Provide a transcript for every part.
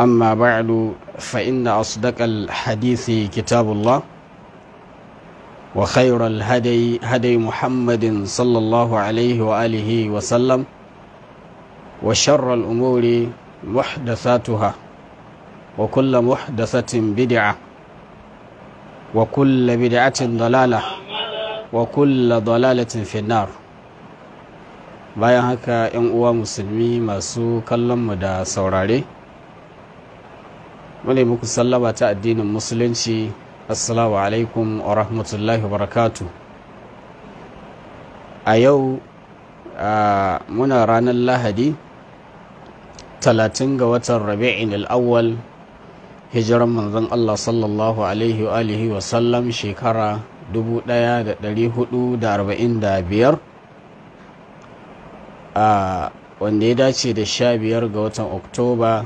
أما بعد فإن أصدق الحديث كتاب الله وخير الهدي هدي محمد صلى الله عليه وآله وسلم وشر الأمور محدثاتها وكل محدثة بدعة وكل بدعة ضلالة وكل ضلالة في النار bayan haka 'yan uwa musulmi masu kallonmu da saurare mune muku sallama ta addinin musulunci assalamu alaikum wa rahmatullahi wa a yau muna ranar lahadi 30 ga watan rabi'in al'awwal hijiran manzon Allah sallallahu alaihi wa alihi wa sallam shekara 1445 wanda ya dace da 15 ga watan oktoba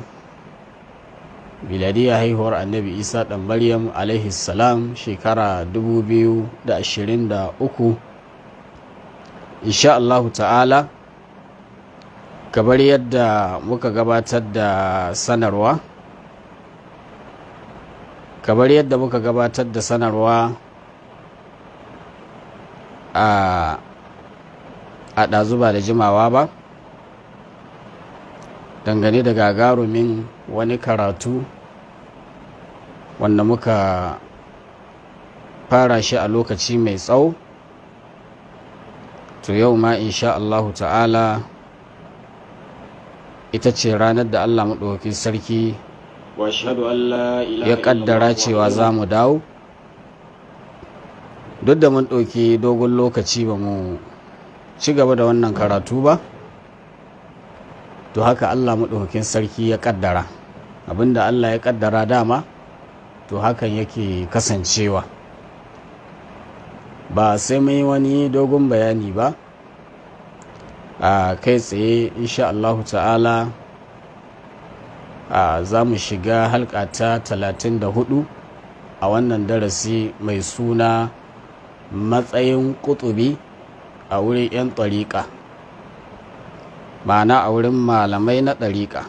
miladiyya haihuwar annabi isa dan maryam alaihi salam shekara 2023 insha Allah ta'ala kamar yadda muka gabatar da sanarwa kamar yadda muka gabatar da sanarwa a ɗazu ba da jimawa ba dangane da gagarumin wani karatu wanda muka fara shi a lokaci mai tsawo to yau ma insha Allahu ta'ala ita ce ranar da Allah maɗauki sarki ya ƙaddara cewa za mu dawo duk da mun ɗauki dogon lokaci ba mu ci gaba da wannan karatu ba to haka Allah maɗaukakin sarki ya ƙaddara abinda Allah ya ƙaddara dama to hakan yake kasancewa ba sai mai wani dogon bayani ba a kai tsaye insha Allahu ta'ala za mu shiga halka ta 34 a wannan darasi mai suna matsayin kutubi a wurin 'yan tsarika ma'ana a wurin malamai na ɗariƙa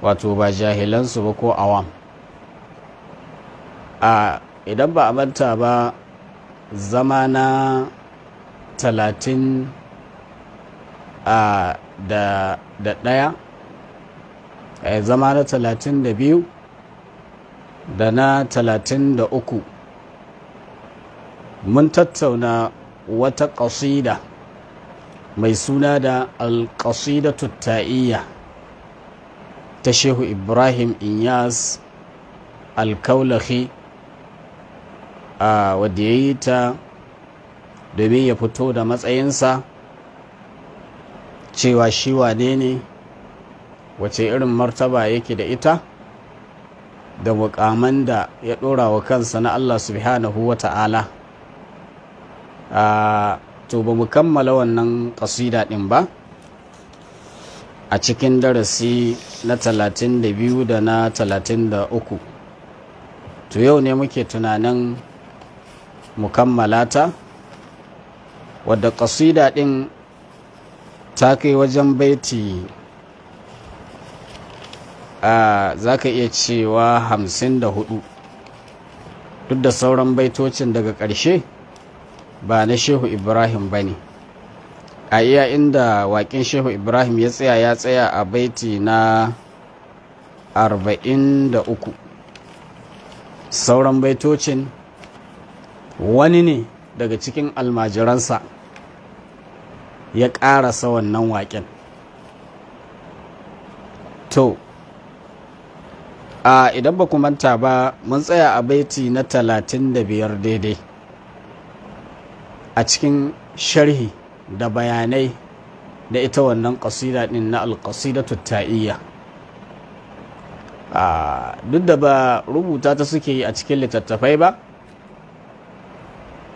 wato ba jahilansu ba ko awam a idan ba a manta ba zama na talatin a da ɗaya eh, zama na talatin da biyu da na talatin da uku mun tattauna wata ƙasida mai suna da alƙasidatu ta'iyya ta shehu ibrahim inyas alkaulahi a wadda ya yi ta domin ya fito da matsayinsa cewa shi wane ne wace irin martaba yake da ita da mukaman da ya ɗora wa kansa na allah subhanahu wa ta'ala to ba mu kammala wannan kasida ɗin ba a cikin darasi na 32 da na 33 to yau ne muke tunanin mu kammala ta wadda kasida ɗin ta kai wajen baiti a za ka iya cewa 54 duk da sauran baitocin daga ƙarshe ba na shehu ibrahim ba ne a iya inda waƙin shehu ibrahim ya tsaya ya tsaya a baiti na 43 sauran baitocin wani ne daga cikin almajiransa ya ƙarasa wannan waƙin to a idan ba ku manta ba mun tsaya a baiti na 35 daidai a cikin sharhi da bayanai da ita wannan ƙasida ɗin na alƙasidatu ta'iyya duk da ba rubuta ta suke yi a cikin littattafai ba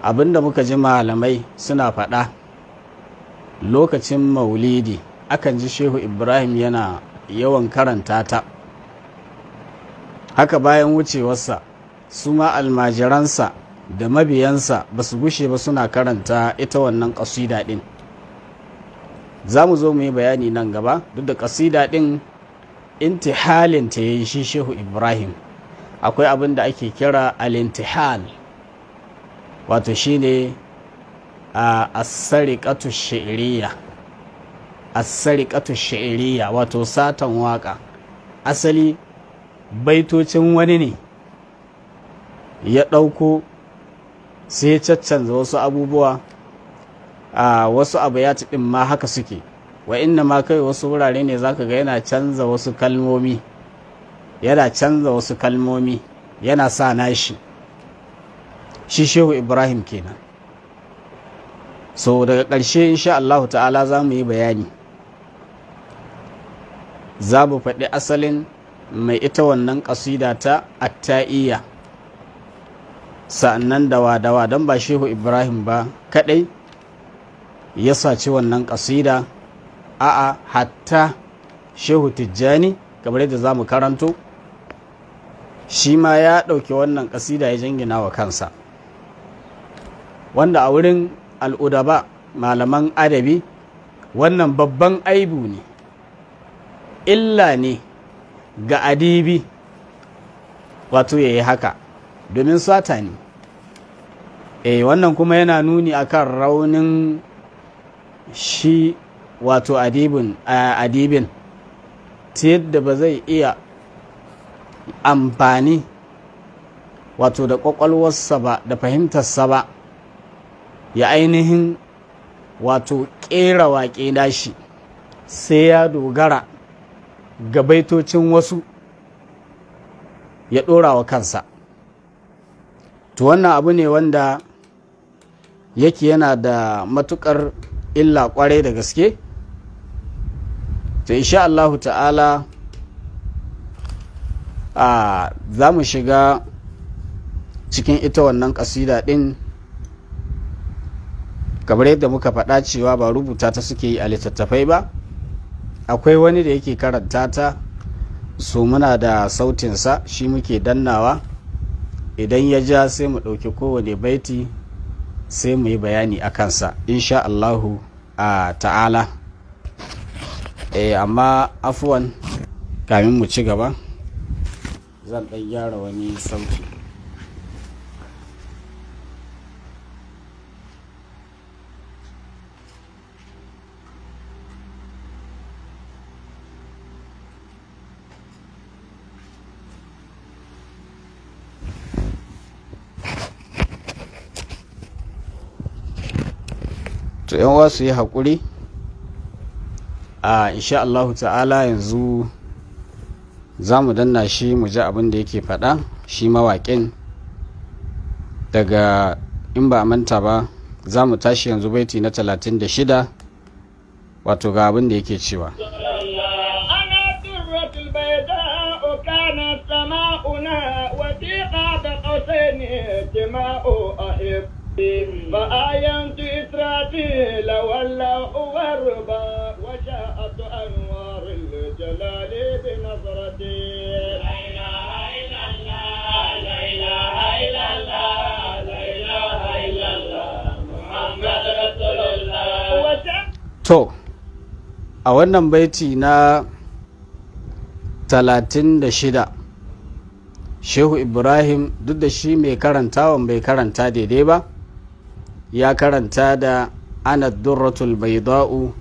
abinda muka ji malamai suna faɗa lokacin maulidi akan ji shehu ibrahim yana yawan karanta ta haka bayan wucewarsa su ma almajiransa da mabiyansa ba su gushe ba suna karanta ita wannan ƙasida ɗin za mu zo mu yi bayani nan gaba duk da ƙasida ɗin intihalin ta yi shi shehu ibrahim akwai abin da ake kira alintihal wato shine a Asarikatu-Shairiya. shi'iriya wato satan waƙa asali baitocin wani ne ya ɗauko sai ya caccanza wasu abubuwa a wasu abu ya ɗin ma haka suke wa inna ma kai wasu wurare ne za ka ga yana canza wasu kalmomi yana canza wasu kalmomi yana sa nashi shi shehu ibrahim kenan so daga ƙarshe insha allahu ta'ala za mu yi bayani za mu faɗi asalin mai ita wannan ƙasida ta atta'iyya sa'annan dawa-dawa, don ba shehu ibrahim ba kadai ya saci wannan kasida a'a hatta shehu tijjani kamar yadda za mu karanto shi ma ya ɗauki wannan kasida ya jingina wa kansa wanda a wurin al'udaba malaman adabi wannan babban aibu ne illa ne ga adibi wato ya yi haka domin sata ne E, wannan kuma yana nuni akan raunin shi wato adibin adibin ta yadda ba zai iya amfani wato da kwakwalwarsa ba da fahimtarsa ba ya ainihin wato ƙera waƙe shi. sai ya dogara ga baitocin wasu ya ɗora wa kansa to wannan abu ne wanda yake yana da matukar illa kwarai da gaske to insha Allahu ta'ala a za mu shiga cikin ita wannan kasida din kamar yadda muka faɗa cewa ba rubuta ta suke yi a littattafai ba akwai wani da yake karanta ta su muna da sautinsa shi muke dannawa idan ya ja sai mu ɗauki kowane baiti sai mu yi bayani a kansa insha Allahu a ta'ala eh, amma afuwan kamin mu ci gaba zan ɗan gyara wani sauti to yan uwa su yi haƙuri a insha Allahu ta'ala yanzu za mu danna shi mu ji abin da yake faɗa shi mawaƙin daga in ba manta ba za mu tashi yanzu baiti na 36 wato ga abin da yake cewa فآينت قيل ولا أغربا وشاءت أنوار الجلال بنظرتي To, a wannan baiti na talatin da shida Shehu Ibrahim duk da shi mai karanta wa bai karanta daidai ba, ya karanta da ana durratul baida'u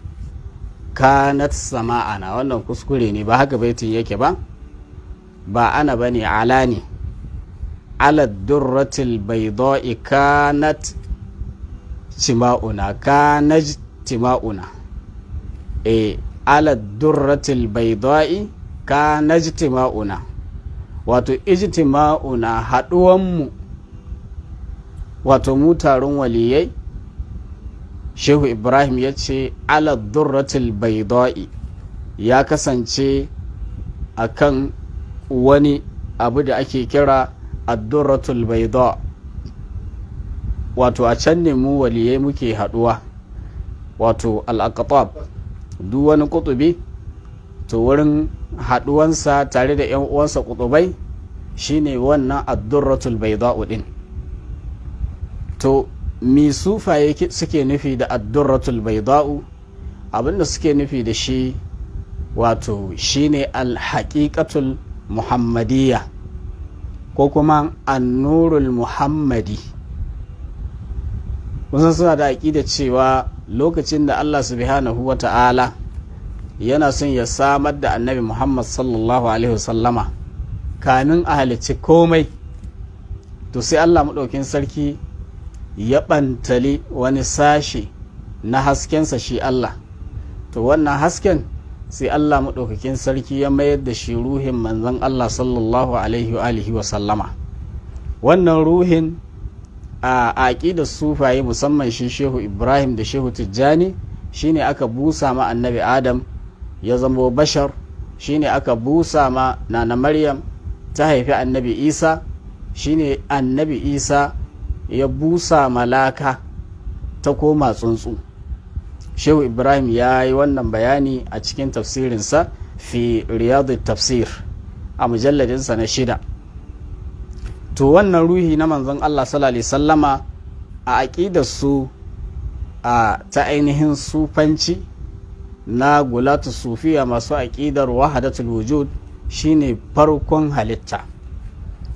kanat sama'ana wannan kuskure ne ba haka baitin yake ba ba ana bane ala ne ala durratul baida'i kanat tima'una kanat tima'una e ala durratul baida'i kanat tima'una wato ijtima'una haɗuwanmu wato mu taron waliyai shehu ibrahim ya ce aladurratul baidai ya kasance a kan wani abu da ake kira addurratul baida wato a can ne mu waliyai muke haduwa wato al'akatab duk wani kutubi to wurin haduwansa tare da 'yan uwansa kutubai shine wannan addurratul baida din to mi sufaye suke nufi da addurratul baida'u abinda suke nufi da shi wato shine alhaƙiƙatul muhammadiyya ko kuma annurul muhammadi kusan suna da aƙida cewa lokacin da allah subhanahu wa ta'ala yana son ya samar da annabi muhammad sallallahu alaihi wasallama kanin a halicci komai to sai allah maɗaukin sarki ya ɓantali wani sashe na haskensa shi Allah to wannan hasken sai Allah maɗaukakin sarki ya mayar da shi ruhin manzon Allah sallallahu alaihi wa sallama wannan ruhin a aƙidar sufaye musamman shi shehu ibrahim da shehu tijjani shine aka busa ma annabi adam ya zamo bashar shine aka busa ma nana maryam ta haifi annabi isa shine annabi isa ya busa malaka ta koma tsuntsu shehu ibrahim ya yi wannan bayani a cikin tafsirinsa fi riyadu tafsir a mujalladinsa na shida to wannan ruhi na manzon allah sallallahu sallama a su a ta ainihin sufanci na gulatu sufiya masu aƙidar wahadatul wujud shine farkon halitta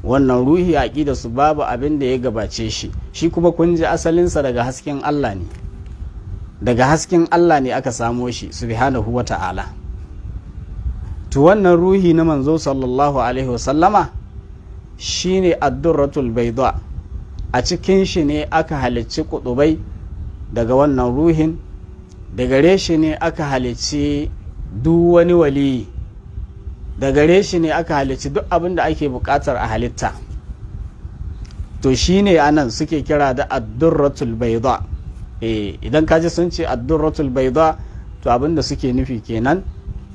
wannan ruhi aƙida su babu abin da ya gabace shi shi kuma kun ji asalinsa daga hasken Allah ne daga hasken Allah ne aka samo shi subhanahu wa ta'ala to wannan ruhi na manzo sallallahu alaihi wasallama shine addurratul baida a cikin shi ne aka halicci kudubai daga wannan ruhin daga gare shi ne aka halicci duk wani waliyi da gare shi ne aka halicci duk abin da ake buƙatar a halitta to shi ne anan suke kira da addurratul baida e eh, idan ji sun ce addurratul baida to abin da suke nufi kenan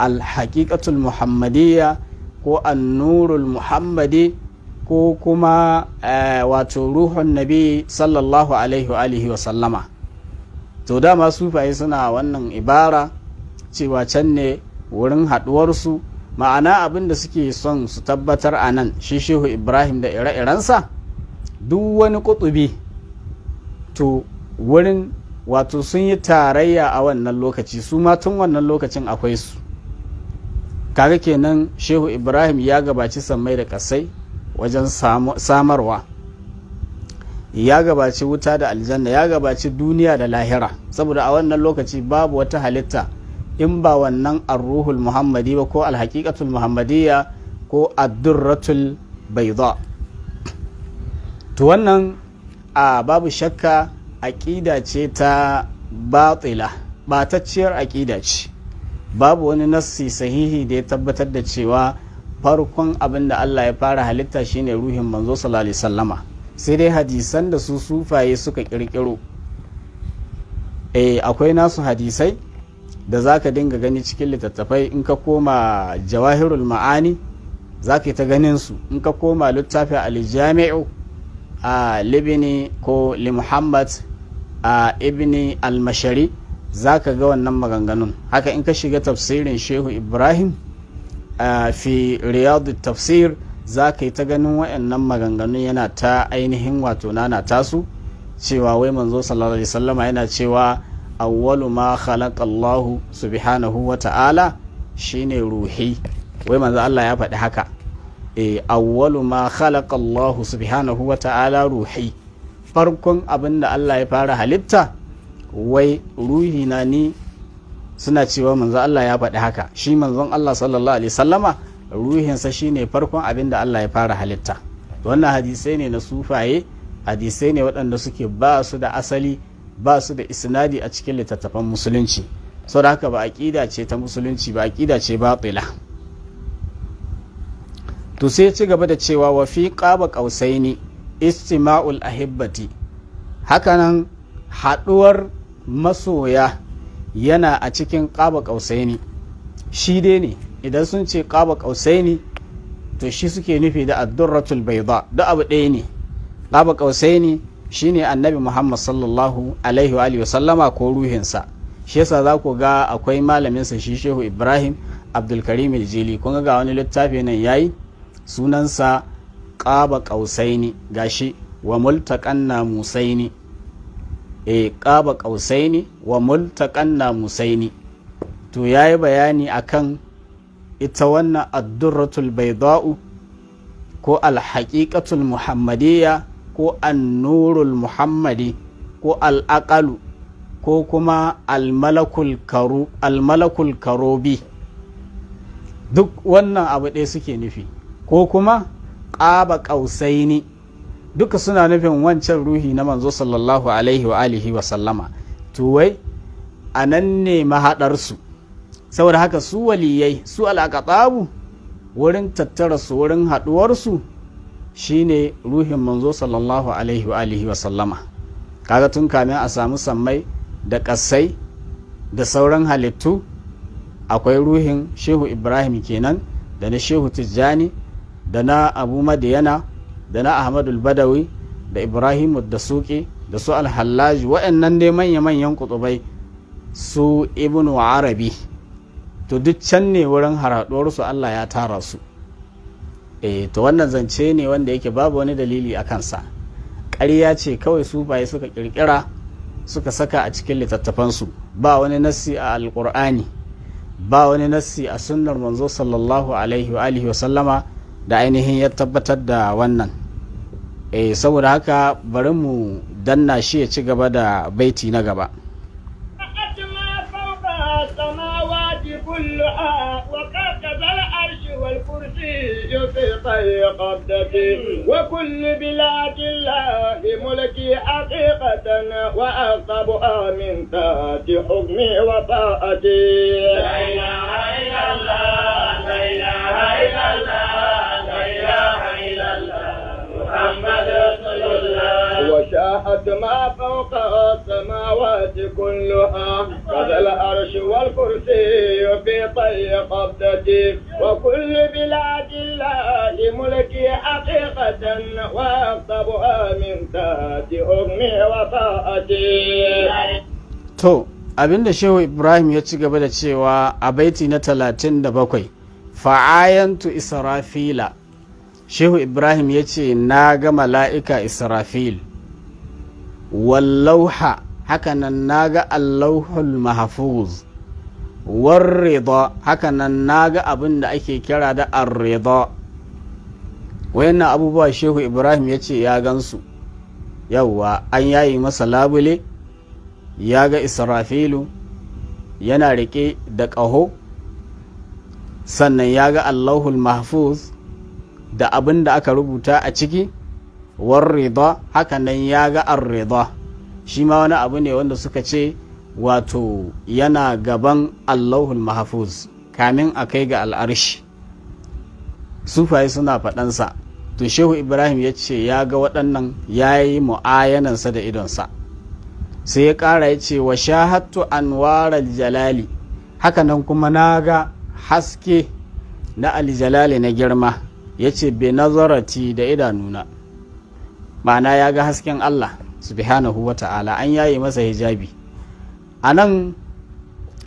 alhaƙiƙatul muhammadiyya ko annurul muhammadi ko kuma eh, wato ruhun nabi sallallahu alaihi wa sallama to dama sufaye suna wannan ibara cewa can ne wurin haɗuwarsu ma'ana abin da suke son su tabbatar a nan shi shehu ibrahim da ire-irensa duk wani kutubi to wurin wato sun yi tarayya a wannan lokaci su ma tun wannan lokacin akwai su kaga kenan shehu ibrahim ya gabaci sammai da kasai wajen samarwa ya gabaci wuta da aljanna ya gabaci duniya da lahira saboda a wannan lokaci babu wata halitta in ba wannan arruhul muhammadi ba ko alhaƙiƙatul muhammadiyya ko addurratul zo? to wannan a babu shakka aƙida ce ta batila batacciyar aƙida ce babu wani nassi sahihi da ya tabbatar da cewa farkon abin da Allah ya fara halitta shine ruhin manzo alaihi sallama sai dai hadisan da su sufaye suka ƙirƙiro. eh akwai nasu hadisai da za ka dinga gani cikin littattafai in ka koma jawahirul ma'ani za ka yi ta ganin su in ka koma littafin aljami'u a libini ko li a ibni almashari za ka ga wannan maganganun haka in ka shiga tafsirin shehu ibrahim a fi riyadu tafsir za ka yi ta ganin waɗannan maganganun yana ta ainihin wato nana tasu cewa wai manzo sallallahu alaihi wasallama yana cewa awwalu ma khalaqa Allah subhanahu wa ta'ala shine ruhi wai manzo Allah ya faɗi haka e awwalu ma khalaqa Allah subhanahu wa ta'ala ruhi farkon abin da Allah ya fara halitta wai ruhi na ni suna cewa manzo Allah ya faɗi haka shi manzon Allah sallallahu alaihi sallama ruhinsa shine farkon abin da Allah ya fara halitta wannan hadisai ne na sufaye hadisai ne waɗanda suke ba su da asali ba su da isnadi a cikin littattafan musulunci da haka ba aqida ce ta musulunci ba aqida ce batila to sai ci gaba da cewa wa fi qaba qausaini istima'ul ahibbati hakanan haɗuwar masoya yana a cikin qaba qausaini shi dai ne idan sun ce qaba qausaini to shi suke nufi da ad-durratul bayda da abu ɗaya ne qaba qausaini shine annabi muhammad sallallahu alaihi wa sallama ko ruhinsa shi yasa za ku ga akwai malaminsa shi shehu ibrahim abdulkarim jili kun ga wani littafi nan yayi sunansa ƙaba ƙausaini gashi wa multaƙan Musaini. e eh, ƙaba ƙausaini wa multaƙan Musaini. to yayi bayani akan ita wannan addurratul baida'u ko alhaƙiƙatul muhammadiyya ko annurul muhammadi ko al'aƙalu ko kuma almalakul karobi duk wannan abu ɗaya suke nufi ko kuma ƙaba ƙausaini duka suna nufin wancan ruhi na manzo sallallahu alaihi wa alihi wa sallama tuwai a nan ne mahaɗarsu saboda haka su waliyai su al'aƙaɓabu wurin tattara su wurin haɗuwarsu shine ruhin manzo sallallahu alaihi wa alihi wa sallama kaga tun kamin a samu sammai da ƙasai da sauran halittu akwai ruhin shehu ibrahim kenan da na shehu tijjani da na abu madiyana da na ahmadul badawi da Ibrahim da suke da su alhallaji waɗannan ne manya-manyan kutubai su ibnu arabi to duk can ne wurin su allah ya tara su eh to wannan zance ne wanda yake babu wani dalili a kansa ƙarya ce kawai su baye suka ƙirƙira suka saka a cikin littattafansu ba wani nassi a alƙur'ani ba wani nassi a sunnar manzo sallallahu alaihi wa alihi wa sallama da ainihin ya tabbatar da wannan eh saboda haka bari mu danna shi ya ci gaba da baiti na gaba حقي قبضتي وكل بلاد الله ملكي حقيقة وأقبها من ذات حكمي وطاعتي لا إله إلا الله لا إله إلا الله لا إله إلا الله محمد رسول الله وشاهد ما فوق السماوات كلها كذا العرش والكرسي في طي قبضتي وكل بلاد الله ملكي حقيقة وأكتبها من تحت أمي وطاعتي To, abinda Shehu Ibrahim ya ci gaba da cewa a baiti na talatin da bakwai, fa'ayantu Israfila, Shehu Ibrahim ya ce, Na ga mala'ika Israfil, wallauha hakanan naga allahul mahfuz warrida hakanan naga abin da ake kira da arrida wayannan abubuwa shehu ibrahim ya ce ya gansu yauwa an yayi masa labule ya ga israfilu yana riƙe da ƙaho sannan ya ga allahul mahfuz da abin da aka rubuta a ciki rida haka nan ya ga ar rida shi ma wani abu ne wanda suka ce wato yana gaban allahul mahafuz kamin a kai ga al'arshi sufaye suna faɗansa to shehu ibrahim ya ce ya ga waɗannan ya yi mu'ayanansa da idonsa sai ya ƙara ya ce wa shahattu anwarar jalali hakanan kuma na ga haske na aljalali na girma ya ce bi nazarati da idanuna ma'ana ya ga hasken Allah subhanahu wa ta'ala an yaye masa hijabi a nan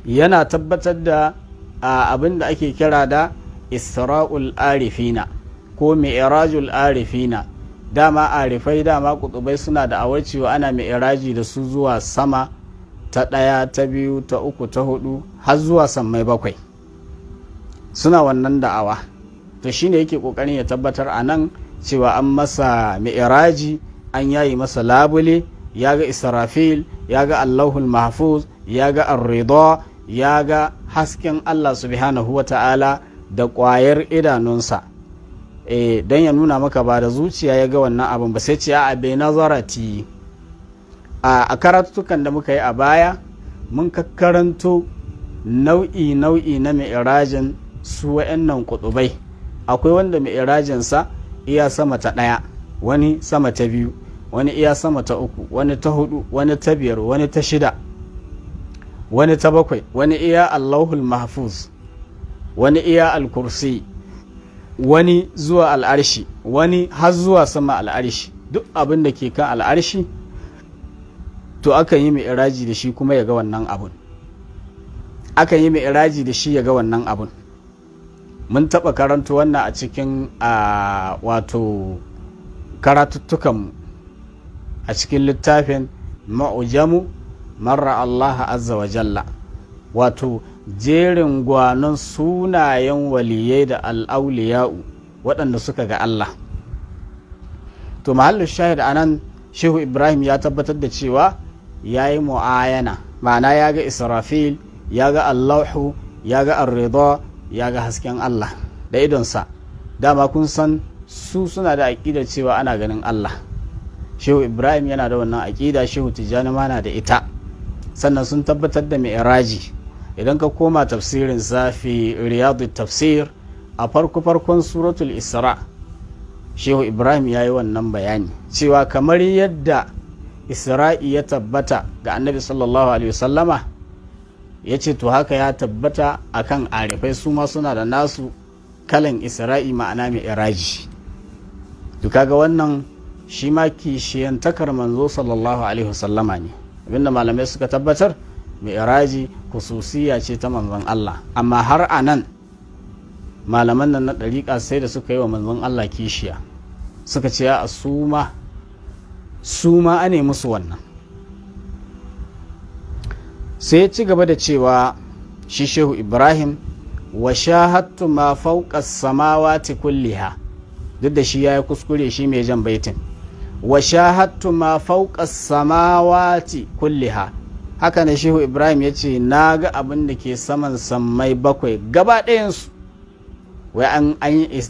yana tabbatar da abin da ake kira da isra'ul arifina ko mi'rajul arifina dama arifai dama kutubai suna da awar cewa ana mi'raji da su zuwa sama ta ɗaya ta biyu ta uku ta hudu har zuwa sammai bakwai suna wannan da'awa to shine yake kokarin ya tabbatar a nan cewa an masa mi'iraji an yayi masa labule ya ga israfil ya ga allahul mahfuz ya ga arrida ya ga hasken allah subhanahu wa ta'ala da kwayar idanunsa e, don ya nuna maka ba da zuciya ya ga wannan abin ba sai ce a bai nazarati a karatukan da muka yi a baya mun kakkaranto nau'i nau'i na mi'irajin su wa'annan kutubai akwai wanda mi'irajinsa iya sama ta ɗaya wani sama ta biyu wani iya sama ta uku wani ta hudu wani ta biyar wani ta shida wani ta bakwai wani iya allahul mahfuz wani iya alkursi wani zuwa al'arshi wani har zuwa sama al'arshi duk abin da ke kan al'arshi to aka yi mai iraji da shi kuma ya ga wannan abun akan yi mai iraji da shi ya ga wannan abun mun taɓa karanta wannan a cikin a wato karatuttukanmu a cikin littafin ma'ujamu marra Allah azza wa jalla wato jerin gwanon sunayen waliyai da al'auliya'u waɗanda suka ga Allah to mahallin shahid anan shehu ibrahim ya tabbatar da cewa ya yi mu'ayana ma'ana ya ga israfil ya ga allahu ya ga arrida ya ga hasken Allah da idonsa dama kun san su suna da aƙida cewa ana ganin Allah shehu ibrahim yana da wannan aƙida shehu tijjani ma na da ita sannan sun tabbatar da mai idan ka koma tafsirin zafi riyadu tafsir a farko farkon suratul isra shehu ibrahim ya yi wannan bayani cewa kamar yadda isra'i ya tabbata ga annabi sallallahu alaihi wasallama ya ce to haka ya tabbata akan arifai su ma suna da nasu kalan isra'i ma'ana mai iraji to kaga wannan shi ma kishiyantakar manzo sallallahu alaihi wasallama ne abinda malamai suka tabbatar mai iraji kususiya ce ta manzon Allah amma har a nan malaman nan na ɗariƙa sai da suka yi wa manzon Allah kishiya suka ce a suma suma ne musu wannan sai ya ci gaba da cewa shi shehu ibrahim wa shahattu ma fauka samawati kulliha duk da shi ya yi kuskure shi mai jan baitin wa shahattu ma fauka samawati kulliha haka ne shehu ibrahim ya ce na ga abin da ke saman sammai bakwai gaba ɗayansu wai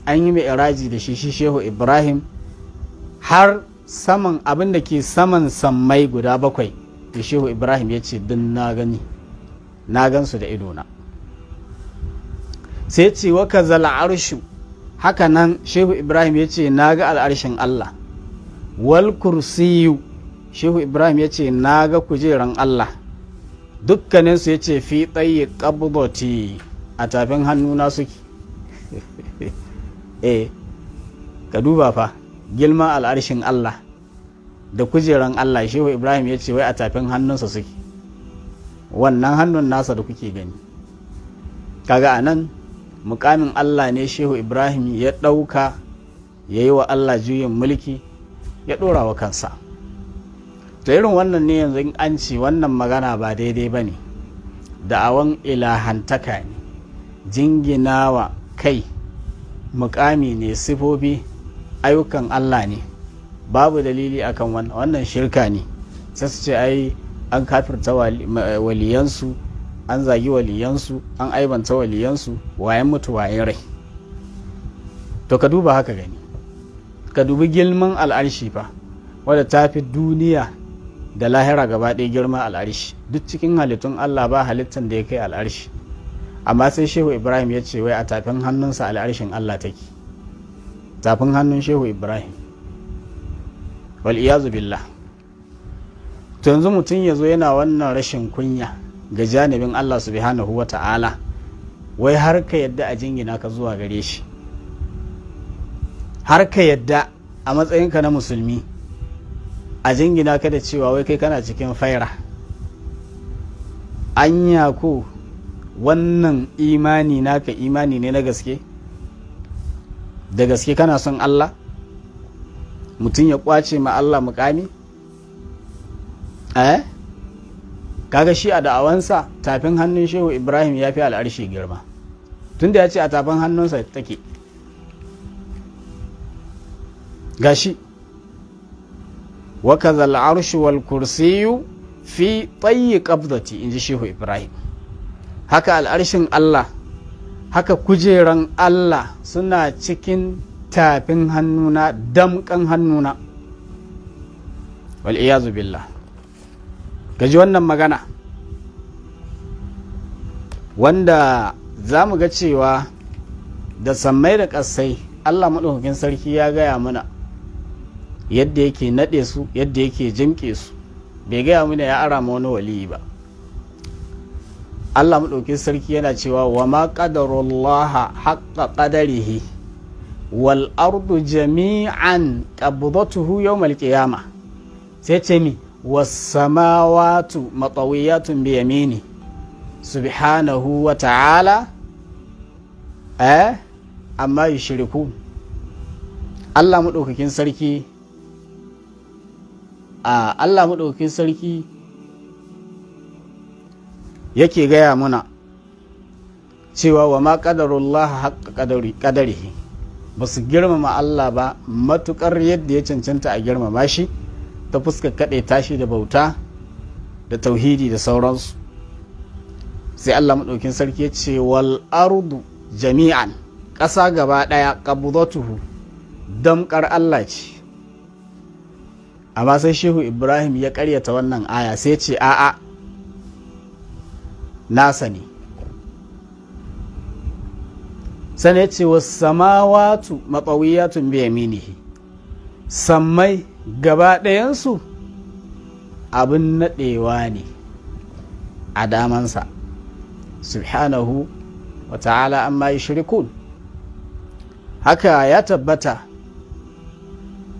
an yi mai iraji da shi shi shehu ibrahim har saman abin da ke saman sammai guda bakwai da shehu ibrahim ya ce din na gani na gansu da idona sai ce wa zala arshu haka nan shehu ibrahim ya ce na ga al'arshin allah wal kursiyu shehu ibrahim ya ce na ga kujeran allah dukkaninsu ya ce fi tsaye ƙabdoti a tafin hannuna suke eh ka duba fa girman al'arshin allah da kujeran Allah shehu Ibrahim ya ce wai a tafin hannunsa suke wannan hannun nasa da kuke gani kaga a nan mukamin Allah ne shehu Ibrahim ya ɗauka ya yi wa Allah juyin mulki ya ɗora wa kansa Ta irin wannan ne yanzu in an ci wannan magana ba daidai ba ne da'awan ilahantaka ne jinginawa kai mukami ne sifofi ayyukan Allah ne babu dalili akan wannan wannan shirka ne sai su ce ai an kafirta waliyansu an zagi waliyansu an aibanta waliyansu wayan mutu wayan rai to ka duba haka gani ka dubi girman al'arshi fa wadda ta fi duniya da lahira gaba ɗaya girma al'arshi duk cikin halittun allah ba halittan da ya kai al'arshi amma sai shehu ibrahim ya ce wai a tafin hannunsa al'arshin allah take tafin hannun shehu ibrahim wal billah to yanzu mutum ya zo yana wannan rashin kunya ga janibin Allah subhanahu wa ta'ala wai har ka yadda a jingina ka zuwa gare shi har ka yadda a matsayinka na musulmi a jingina ka da cewa wai kai kana cikin faira anya ko wannan imani naka imani ne na gaske da gaske kana son Allah mutum ya kwace ma Allah mukami eh kaga shi a da'awansa tafin hannun shehu ibrahim ya fi al'arshi girma tunda ya ce a tafin hannunsa take gashi wakaza al'arshu wal kursiyu fi tsayi kabzati in ji shehu ibrahim haka al'arshin allah haka kujeran allah suna cikin tafin hannuna damkan hannuna wal'iyazu billah gaji wannan magana wanda za mu ga cewa da sammai da ƙasai allah maɗaukakin sarki ya gaya mana yadda yake naɗe su yadda yake jimƙe su bai gaya mana ya ara wani waliyi ba allah maɗaukakin sarki yana cewa wa ma ƙadarullaha haƙƙa ƙadarihi wal ardu jami'an qabdatuhu yawmal qiyama sai ce mi was samawatu matawiyatun bi yamini subhanahu wa ta'ala eh amma yi yushriku Allah madaukakin sarki a Allah madaukakin sarki yake gaya muna cewa wa ma qadarullah haqqa qadari qadarihi ba su girmama Allah ba matukar yadda ya cancanta a girmama shi ta fuska kaɗe tashi da bauta da tauhidi da sauransu sai Allah maɗaukin sarki ya ce wal ardu jami'an ƙasa gaba ɗaya qabdatuhu damƙar Allah ce amma sai shehu Ibrahim ya ƙaryata wannan aya sai ce a'a nasa ne sani ya ce wasu samawatu matsawiyatun biya minihi sammai gaba ɗayansu abin naɗewa ne a damansa subhanahu wa ta'ala amma yi shirikun haka ya tabbata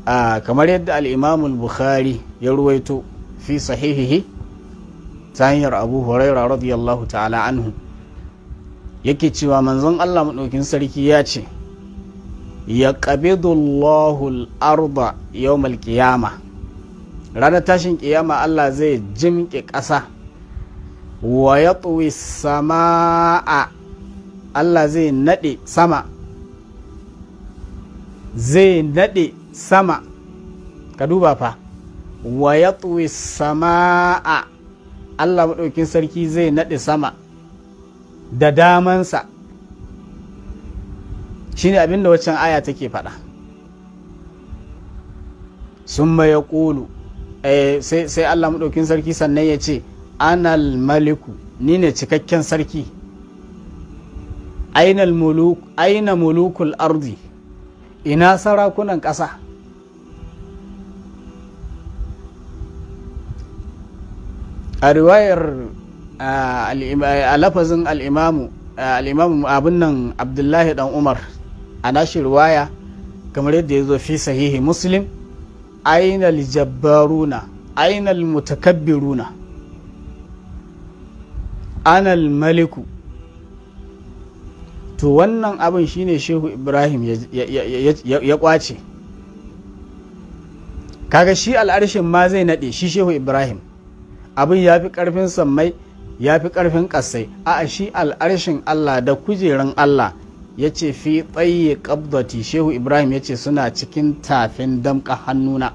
a kamar yadda al'imamul bukhari ya ruwaito fi sahihihi ta hanyar abu huraira radiyallahu ta'ala anhu yake cewa manzon Allah maɗaukin sarki ya ce ya ƙabidullahu arda yau malkiyama ranar tashin kiyama Allah zai jimƙe ƙasa wa ya sama'a Allah zai naɗe sama zai naɗe sama ka duba fa wa ya sama'a Allah maɗaukin sarki zai naɗe sama da damansa shi ne abinda waccan aya take faɗa sun ya ƙulu eh, sai allah maɗaukin sarki sannan ya ce anal maliku ni ne cikakken sarki aina mulukul ardi ina sarakunan ƙasa a riwayar a lafazin al'imamu al'imamu abin nan abdullahi dan umar a nashi ruwaya kamar yadda ya zo fi sahihi muslim ainal jabbaruna ainal mutakabbiruna anal maliku to wannan abin shine shehu ibrahim ya kwace kaga shi al'arshin ma zai naɗe shi shehu ibrahim abin ya fi ƙarfin sammai ya fi ƙarfin ƙasai a shi al'arshin Allah da kujerun Allah ya ce fi tsaye ƙabdati shehu ibrahim ya ce suna cikin tafin damƙa hannuna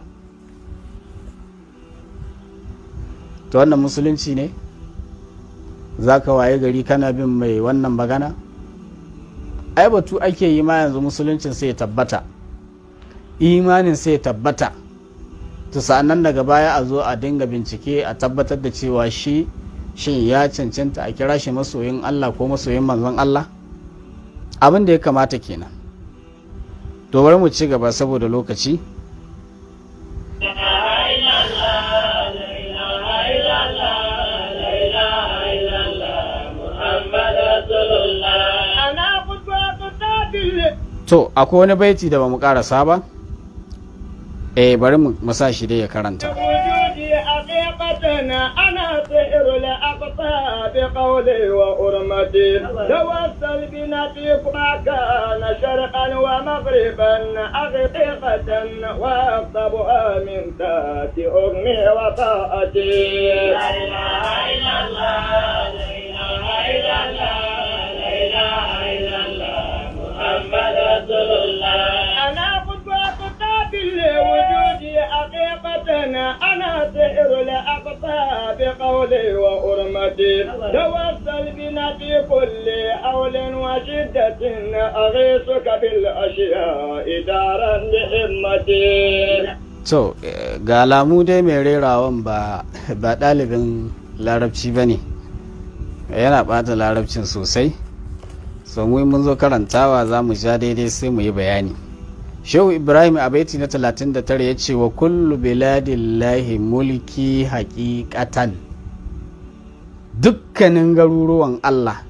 ta wannan musulunci ne za ka waye gari kana bin mai wannan magana ai batu ake yi ma yanzu musuluncin sai tabbata imanin sai tabbata Tusa nan daga baya a zo a dinga bincike a tabbatar da cewa shi shin ya cancanta a kira shi masoyin Allah ko masoyin manzon Allah abin da ya kamata kenan to bari mu ci gaba saboda lokaci to akwai wani baiti da ba mu karasa ba eh bari mu musashi shi dai ya karanta بقولي وأرمتي توصل بنبي ما كان شرقا ومغربا أغطيقة وأغضبها من ذات أمي وطاعتي لا إله إلا الله لا إله إلا الله لا إله إلا الله محمد رسول الله أنا قدوة قدوة وجود لحقيقتنا أنا سئر لأقصى بقولي وأرمتي توصل بنا في كل حول وشدة أغيثك بالأشياء دارا so ga alamu dai mai rerawan ba ba ɗalibin larabci ba ne yana ɓata larabcin sosai so mun zo karantawa za mu sha daidai sai mu yi bayani shehu ibrahim a baiti na 39 ya ce wa kullu biladillahi mulki haƙiƙatan dukkanin garuruwan allah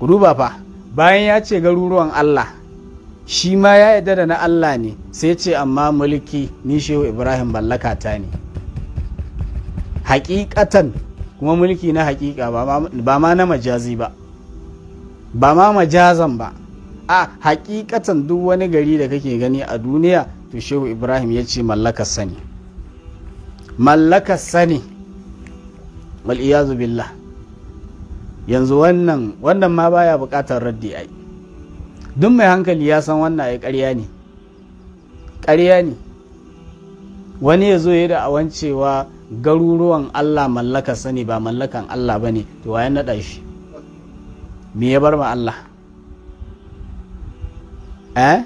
Kudu duba fa bayan ya ce garuruwan allah shi ma ya yarda da na allah ne sai ce amma mulki ni shehu ibrahim ballaka ta ne haƙiƙatan kuma mulki na haƙiƙa ba ma na majazi ba ba ma majazan ba a hakikatan duk wani gari da kake gani a duniya to shehu ibrahim ya ce mallaka sani mallaka sani wal'iyazu billah yanzu wannan wannan ma baya bukatar raddi ai duk mai hankali ya san wannan ai ƙarya ne ƙarya ne wani ya zo ya da awan cewa garuruwan Allah mallaka sani ba mallakan Allah ba ne to ya naɗa shi me ya bar ma Allah Eh?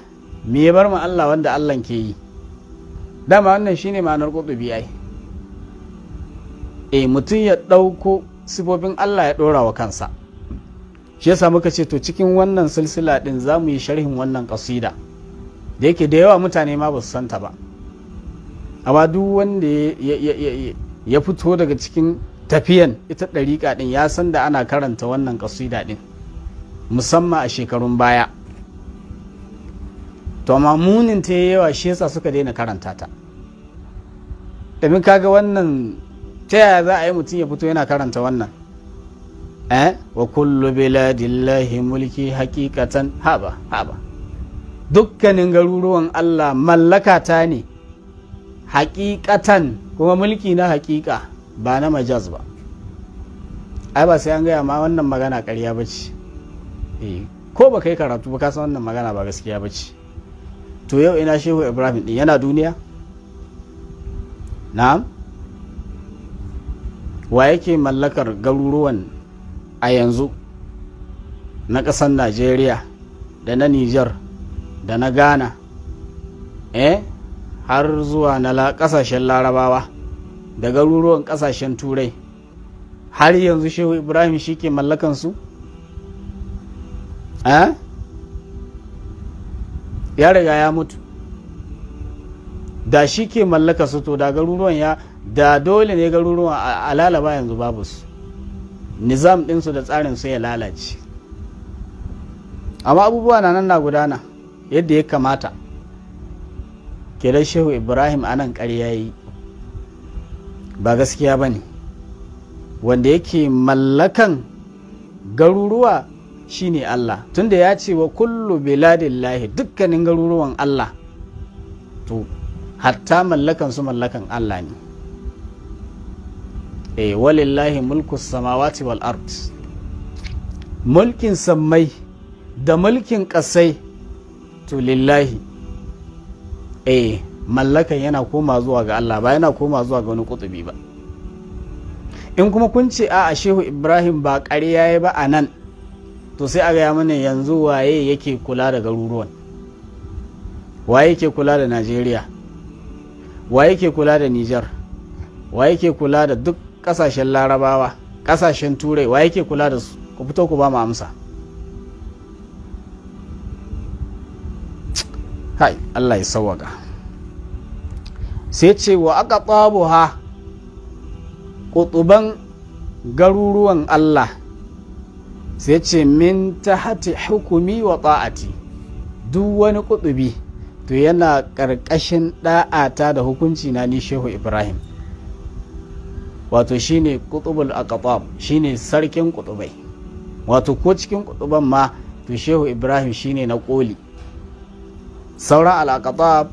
me ya bar mu Allah wanda Allah ke yi dama wannan shine ma'anar kutubi ai eh mutum ya ɗauko sifofin Allah ya ɗora wa kansa shi yasa muka ce to cikin wannan silsila ɗin za mu yi sharhin wannan ƙasida da yake da yawa mutane ma ba su santa ba amma duk wanda ya fito daga cikin tafiyan ita ɗariƙa ɗin ya san da ana karanta wannan ƙasida ɗin musamman a shekarun baya to amma munin ta yawa shi yasa suka daina karanta ta domin kaga wannan ta yaya za a yi mutum ya fito yana karanta wannan eh wa kullu biladillahi mulki hakikatan haba haba dukkanin garuruwan Allah mallaka ta ne hakikatan kuma mulki na hakika ba na majaz ba ai ba sai an gaya ma wannan magana karya ba ce eh, ko ba kai karatu ba ka wannan magana ba gaskiya ba ce to yau ina shehu ibrahim din yana duniya na'am wa yake mallakar garuruwan a yanzu na ƙasar najeriya da na niger da na ghana eh har zuwa na ƙasashen larabawa da garuruwan ƙasashen turai har yanzu shehu ibrahim shi ke mallakansu eh ya riga ya mutu da shi ke mallaka su to da garuruwan ya da dole ne garuruwan a lalaba yanzu babu su nizam ɗinsu da tsarin su ya lalace amma abubuwa na nan na gudana yadda ya kamata da shehu ibrahim anan nan ƙarya yi ba gaskiya ba ne wanda yake mallakan garuruwa shine Allah tunda ya ce wa kullu biladillahi dukkanin garuruwan Allah to hatta mallakan su mallakan Allah ne e walillahi mulku samawati wal ard mulkin Samai da mulkin kasai to lillahi e eh, mallakan yana koma zuwa ga Allah ba yana koma zuwa ga wani kutubi ba in kuma kun ce a shehu ibrahim ba ƙarya ya ba a nan to sai a gaya mana yanzu waye yake kula da garuruwan waye yake kula da najeriya waye yake kula da niger waye yake kula da duk kasashen larabawa kasashen turai waye yake kula da su ku fito ku ba mu amsa hai allah ya sawaka sai ce wa aka tsabo ha garuruwan allah sai ce min ta hati hukumi wa ta'ati duk wani kudubi to yana ƙarƙashin ɗa'ata da hukunci na ni shehu ibrahim wato shine kutubul aqtab shine sarkin kutubai wato ko cikin kutuban ma to shehu ibrahim shine na koli sauran al'aqatab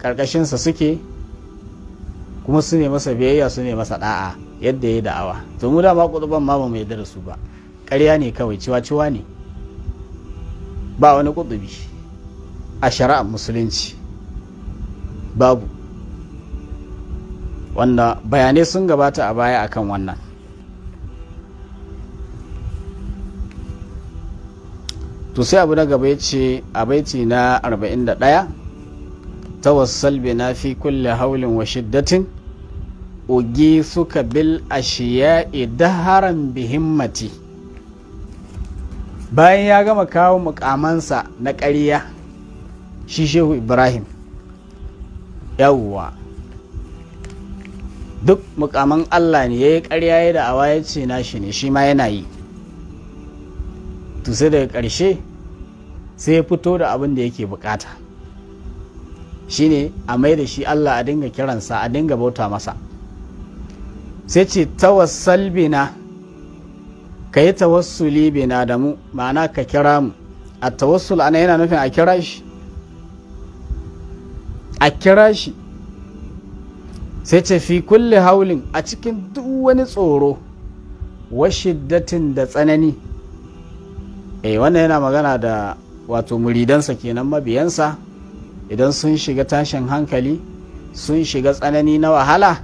karkashinsa suke kuma su ne masa biyayya su ne masa da'a yadda ya da'awa to mu da ma kutuban ma ba mu yarda da su ba ƙarya ne kawai ciwa-ciwa ne ba wani ƙudubi a shari'ar musulunci babu wanda bayanai sun gabata a baya akan wannan to sai abu na gaba ya ce a baiti na 41 wasal bi na fi kulle haulin wa shiddatin ogi suka bil ashiya idaharan bi himmati bayan ya gama kawo mukamansa na ƙarya shi shehu ibrahim yawwa duk mukaman allah ne ya yi ƙarya ya awa ya ce shi ne shi ma yana yi to daga ƙarshe sai ya fito da abin da yake bukata ne a mai da shi allah a dinga kiransa a dinga bauta masa sai ce na. ka yi tawassuli bi na da ma'ana ka kira mu a tawassul ana yana nufin a kira shi a kira shi sai ce fi kulle haulin a cikin duk wani tsoro wa shiddatin da tsanani e wannan yana magana da wato muridansa kenan mabiyansa idan sun shiga tashin hankali sun shiga tsanani na wahala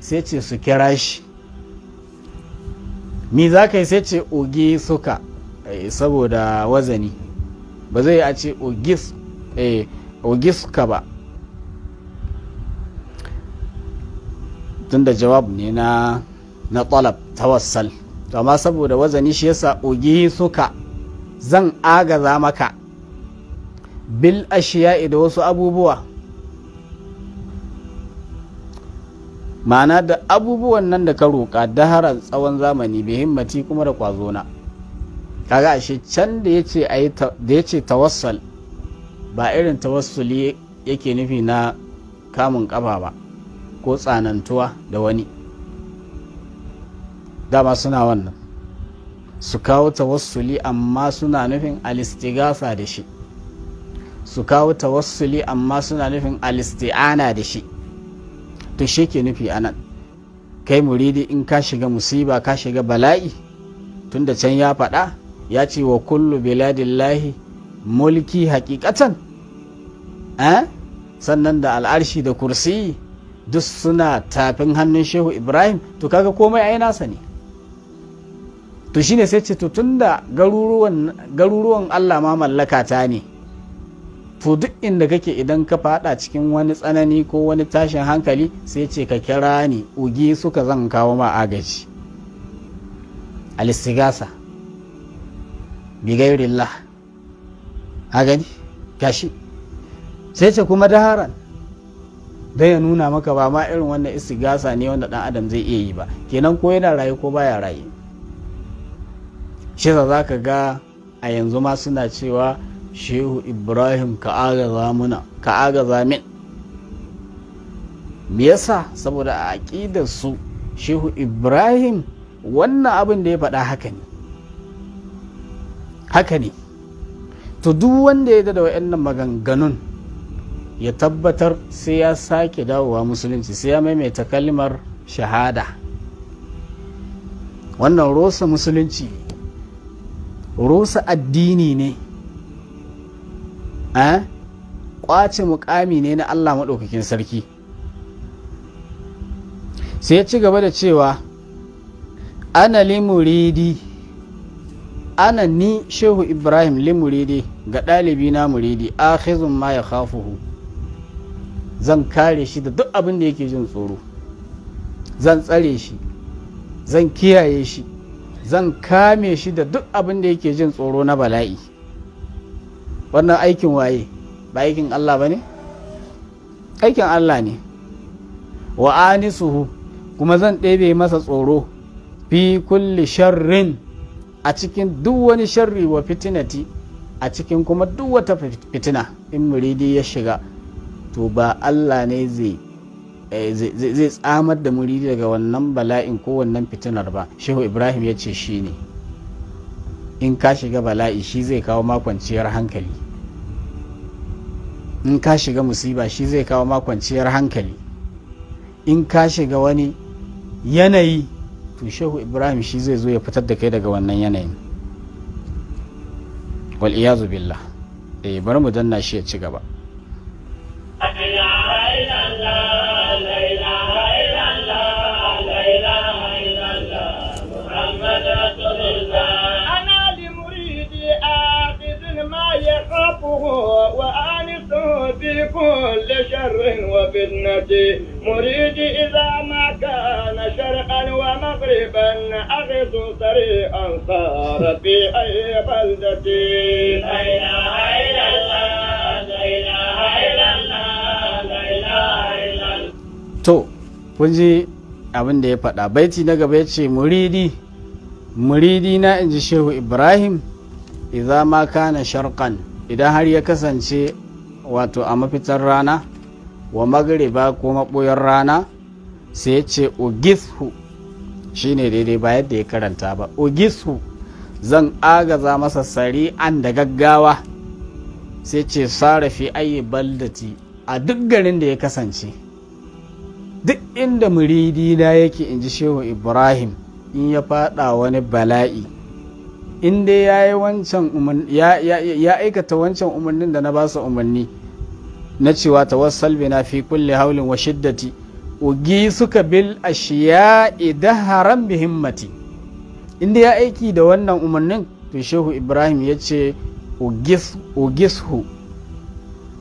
sai ce su kira shi mi za ka yi sai ce oge suka eh, saboda wazani ba zai a ce eh, oge suka ba tunda jawab ne na na talab tawassal amma saboda wazani shi yasa oge suka zan agaza maka bil ashiya da wasu abubuwa ma'ana da abubuwan nan da ka roƙa daharan tsawon zamani bai himmati kuma da kwazona kaga ashe can da ya ce tawassal ba irin tawassuli yake nufi na kamun ƙafa ba ko tsanantuwa da wani dama suna wannan su kawo tawassuli amma suna nufin alistigasa da shi su kawo tawassuli amma suna nufin alisti'ana da shi to ke nufi a nan kai muridi in ka shiga musiba ka shiga bala'i tun da can ya faɗa ya ce wa kullu biladillahi mulki hakikatan eh? sannan da al'arshi da kursi duk suna tafin hannun shehu ibrahim to kaga komai ai nasa ne to shine sai ce to tunda garuruwan allah ma mallaka ta ne to duk inda kake idan ka fada cikin wani tsanani ko wani tashin hankali sai ce ka kira ni ugi suka zan kawo ma agaji alistigasa bigairillah agani gashi sai ce kuma daharan da ya nuna maka ba ma irin wannan istigasa ne wanda dan adam zai iya yi ba kenan ko yana raye ko baya raye shi za ka ga a yanzu ma suna cewa shehu ibrahim ka agaza min me yasa saboda a aƙidar su shehu ibrahim wannan abin da ya faɗa haka ne haka ne to duk wanda ya da wa'annan maganganun ya tabbatar sai ya sake dawowa musulunci sai ya maimaita kalmar shahada wannan rosa musulunci rosa addini ne a kwace mukami ne na Allah maɗaukakin sarki sai ya ci gaba da cewa ana limuridi ana ni shehu ibrahim limuridi ga ɗalibi na muridi akhizun ma ya khafuhu zan kare shi da duk abin da yake jin tsoro zan tsare shi zan kiyaye shi zan kame shi da duk abin da yake jin tsoro na bala'i wannan aikin waye ba aikin Allah ba ne aikin Allah ne wa anisuhu kuma zan ɗebe masa tsoro fi kulli sharrin a cikin duk wani sharri wa fitinati a cikin kuma duk wata fitina in muridi ya shiga to ba Allah ne eh, zai zai tsamar da muridi daga wannan bala'in ko wannan fitinar ba shehu ibrahim ya ce shi ne in ka shiga bala'i shi zai kawo makwanciyar hankali in ka shiga musiba shi zai kawo makwanciyar kwanciyar hankali in ka shiga wani yanayi to shehu ibrahim shi zai zo ya fitar da kai daga wannan yanayin wal iyazu billah eh bari mu danna shi ya ci gaba كل شر وفتنة مريد إذا ما كان شرقا ومغربا أخذ طريقا صار في أي بلدة To, kunji abin da ya faɗa baiti na gaba ya ce muridi muridi na inji shehu ibrahim idza ma kana sharkan, idan har ya kasance wato a mafitar rana wa magriba ko maɓoyar rana sai ya ce shi shine daidai ba yadda ya karanta ba ogithu zan agaza masa an da gaggawa sai ce sarafi ayi baldati a duk garin da ya kasance duk inda muridina yake in ji shehu ibrahim in ya fada wani bala'i in dai ya yi wancan ya aikata wancan umarnin da na ba su umarni na cewa ta tawassal na fi kulle haulin wa shiddati ugi suka bil ashiya haram bi himmati in dai ya aiki da wannan umarnin to shehu ibrahim ya ce ugishu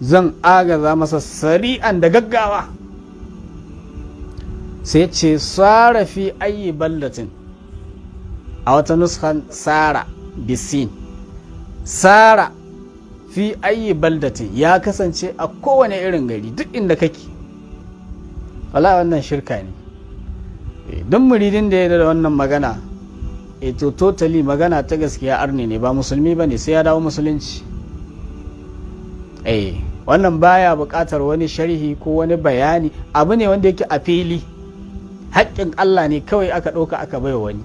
zan agaza masa sari'an da gaggawa sai ce tsara fi ayi ballatin a wata nuskan sara bisin sara fi ayi baldatin ya kasance a kowane irin gari duk inda kake wala wannan shirka ne eh, don muridin da ya da wannan magana eh, totally magana ta gaskiya arne ne ba musulmi ba ne sai ya dawo musulunci eh wannan baya buƙatar wani sharhi ko wani bayani abu ne wanda yake a fili haƙƙin allah ne kawai aka ɗauka aka baiwa wani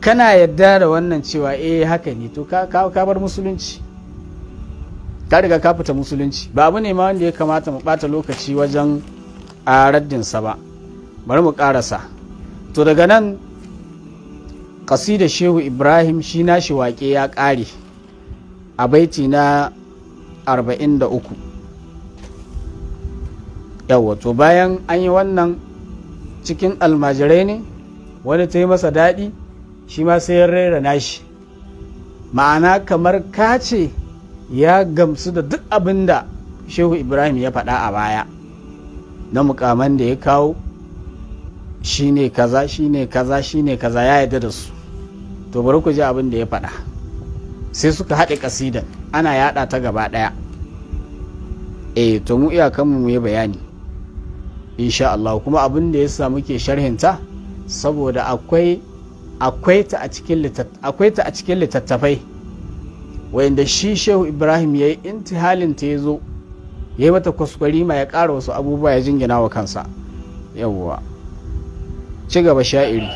kana yarda da wannan cewa eh haka ne to ka bar musulunci ka riga ka fita musulunci ba abu ne ma wanda ya kamata mu bata lokaci wajen a raddinsa ba bari mu karasa to daga nan kasidar shehu ibrahim shi na shi waƙe ya ƙare a baiti na 43 yawa to bayan an yi wannan cikin almajirai ne wani ta yi masa daɗi shi ma sai ya rera nashi ma'ana kamar ka ce ya gamsu da duk abin da shehu ibrahim ya faɗa a baya na mukaman da ya kawo shi ne kaza shi ne kaza shi ne kaza ya yarda da su to bari ku ji abin da ya faɗa sai suka haɗe ƙasidan ana yaɗa ta gaba ɗaya E, to mu iyakanmu mu yi bayani insha Allah kuma abin da ya samu ke sharhinta saboda akwai akwai ta a cikin littattafai wayanda shi shehu ibrahim ya yi intihalin ta ya zo ya yi mata kwaskwari ma ya ƙara wasu abubuwa ya jingina wa kansa yawwa ci gaba sha'iri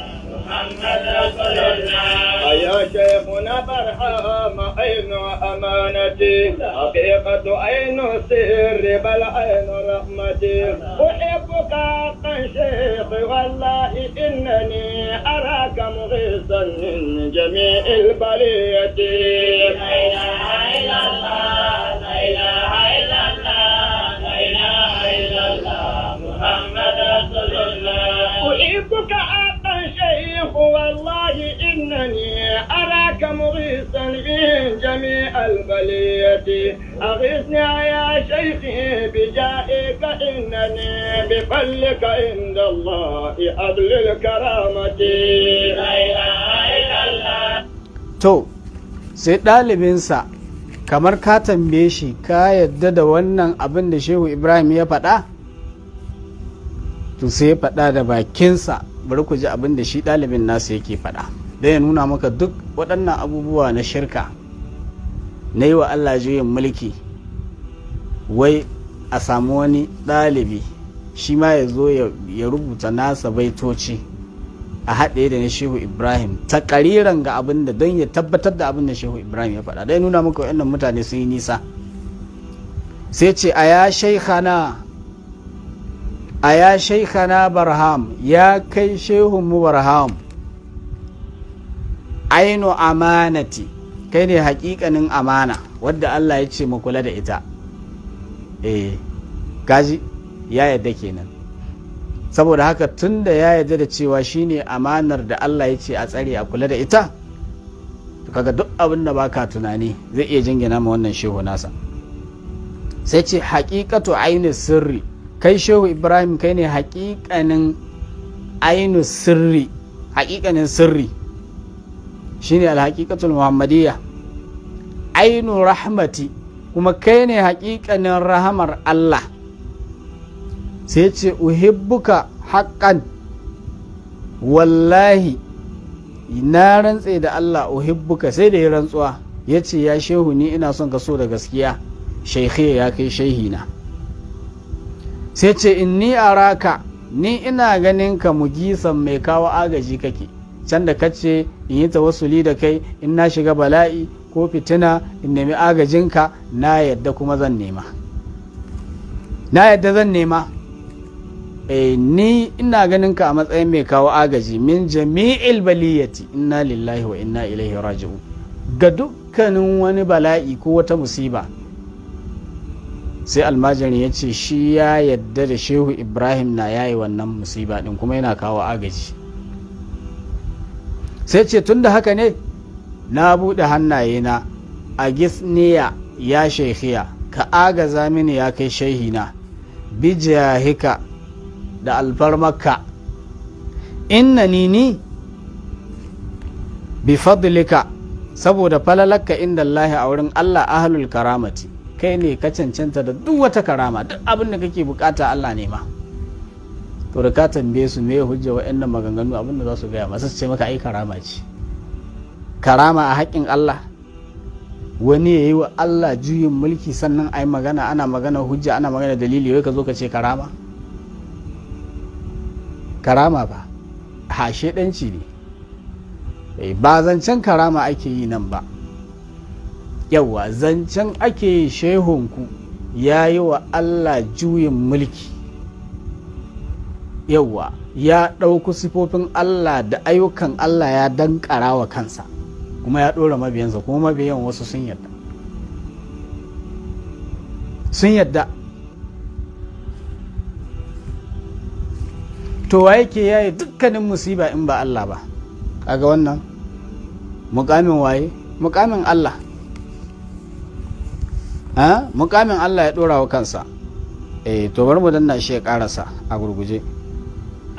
يا شيخنا برهام عين أمانتي حقيقة عين السر بل عين رحمتي أحبك حقا شيخي والله إنني أراك مغيصا من جميع البرية لا إله إلا الله لا إله إلا الله أغثنا يا شيخي بجائك إنني بفلك عند الله أبل الكرامة لا إله إلا الله تو sai ɗalibinsa kamar ka tambaye shi ka yadda da wannan abin da shehu ibrahim ya faɗa to sai ya faɗa da bakinsa bari ku ji abin da shi ɗalibin nasa yake faɗa don ya nuna maka duk waɗannan abubuwa na shirka na yi wa allah juyin mulki wai a samu wani ɗalibi shi ma ya zo ya rubuta nasa baitoci a haɗe da na shehu ibrahim ta ƙariran ga abin da don ya tabbatar da abin da shehu ibrahim ya faɗa dai nuna maka wa'annan mutane sun yi nisa sai ce a ya shaikhana a ya shaikhana barham ya kai Shehu Mu barham ainu amanati kai ne hakikanin amana wadda Allah ya ce mu kula da ita eh gaji ya yadda kenan saboda haka tun da ya yadda da cewa shine amanar da Allah ya ce a tsare a kula da ita kaga duk abin da baka tunani zai iya jingina ma wannan shehu nasa sai ce haƙiƙatu ainihin sirri kai shehu ibrahim kai ne haƙiƙanin ainihin sirri haƙiƙanin sirri shine alhaqiqatul muhammadiyya ainu rahmati kuma kai ne haƙiƙanin rahamar Allah sai ce uhibbuka haƙƙan wallahi na rantse da Allah uhibbuka sai da ya rantsuwa ya ce ya shehu ni ina son ka so da gaskiya shaikhe ya kai shaihina sai ce in inni araka ni ina ganin ka mugisan mai kawo agaji kake can da kace in yi tawassuli da kai in na shiga bala'i ko fitina in nemi agajinka na yadda kuma zan nema na yadda zan nema e, ni ina ganin ka a matsayin mai kawo agaji min jami'il baliyati inna lillahi wa inna ilaihi raji'u ga dukkanin wani bala'i ko wata musiba sai almajiri ya ce shi ya yadda da shehu ibrahim na yayi wannan musiba din kuma yana kawo agaji sai ce tun da haka ne na buɗe hannayena a gisniya ya shekhiya ka agaza mini ya kai shehina hika da alfarmaka inna ni bi fadlika saboda falalaka inda Allah a wurin Allah ahlul karamati kai ne ka cancanta da duk wata karama duk abin da kake bukata Allah ne ma to da ka tambaye su me hujja wa'annan maganganu abin da za su gaya masu ce maka ai karama ce karama a haƙƙin Allah wani ya yi wa Allah juyin mulki sannan ai magana ana magana hujja ana magana dalili wai ka zo ka ce karama karama ba hashe ɗanci ne eh, ba zancen karama ake yi nan ba yawa zancen ake shehunku ya yi wa Allah juyin mulki yauwa ya ɗauku sifofin Allah da ayyukan Allah ya dankara wa kansa kuma ya ɗora mabiyansa kuma mabiyan wasu sun yadda sun yadda to wa yake yi dukkanin musiba in ba Allah ba kaga wannan mukamin waye mukamin Allah ha mukamin Allah ya ɗora wa kansa eh to bari mu danna shi ya karasa a gurguje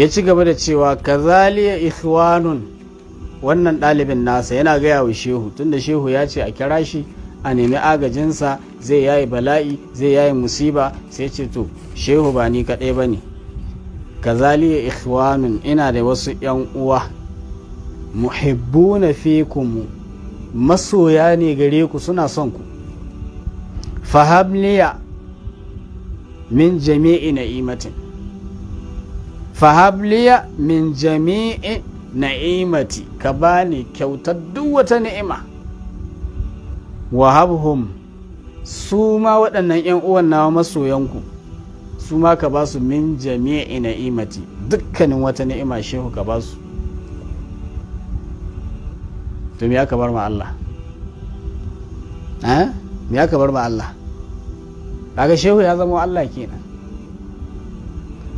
ya ci gaba da cewa kazaliya ikhwanun wannan ɗalibin nasa yana gaya wa shehu tunda shehu ya ce a kira shi a nemi agajinsa zai yayi bala'i zai yayi musiba sai ce to shehu ba ni kaɗai ba ne kazaliya ikhwanun ina da wasu 'yan uwa muhibbu muhibbuna fikum masoya ne gare ku suna son ku fahamliya min jami'i na imatin fahabliya min jami'i na'imati ka bani kyautar duk wata ni'ima wahabhum su ma waɗannan 'yan uwan nawa masoyanku su ma ka ba su min jami'i na'imati dukkanin wata ni'ima shehu ka ba su to me aka bar ma Allah eh me aka bar ma Allah kaga shehu ya zama Allah kenan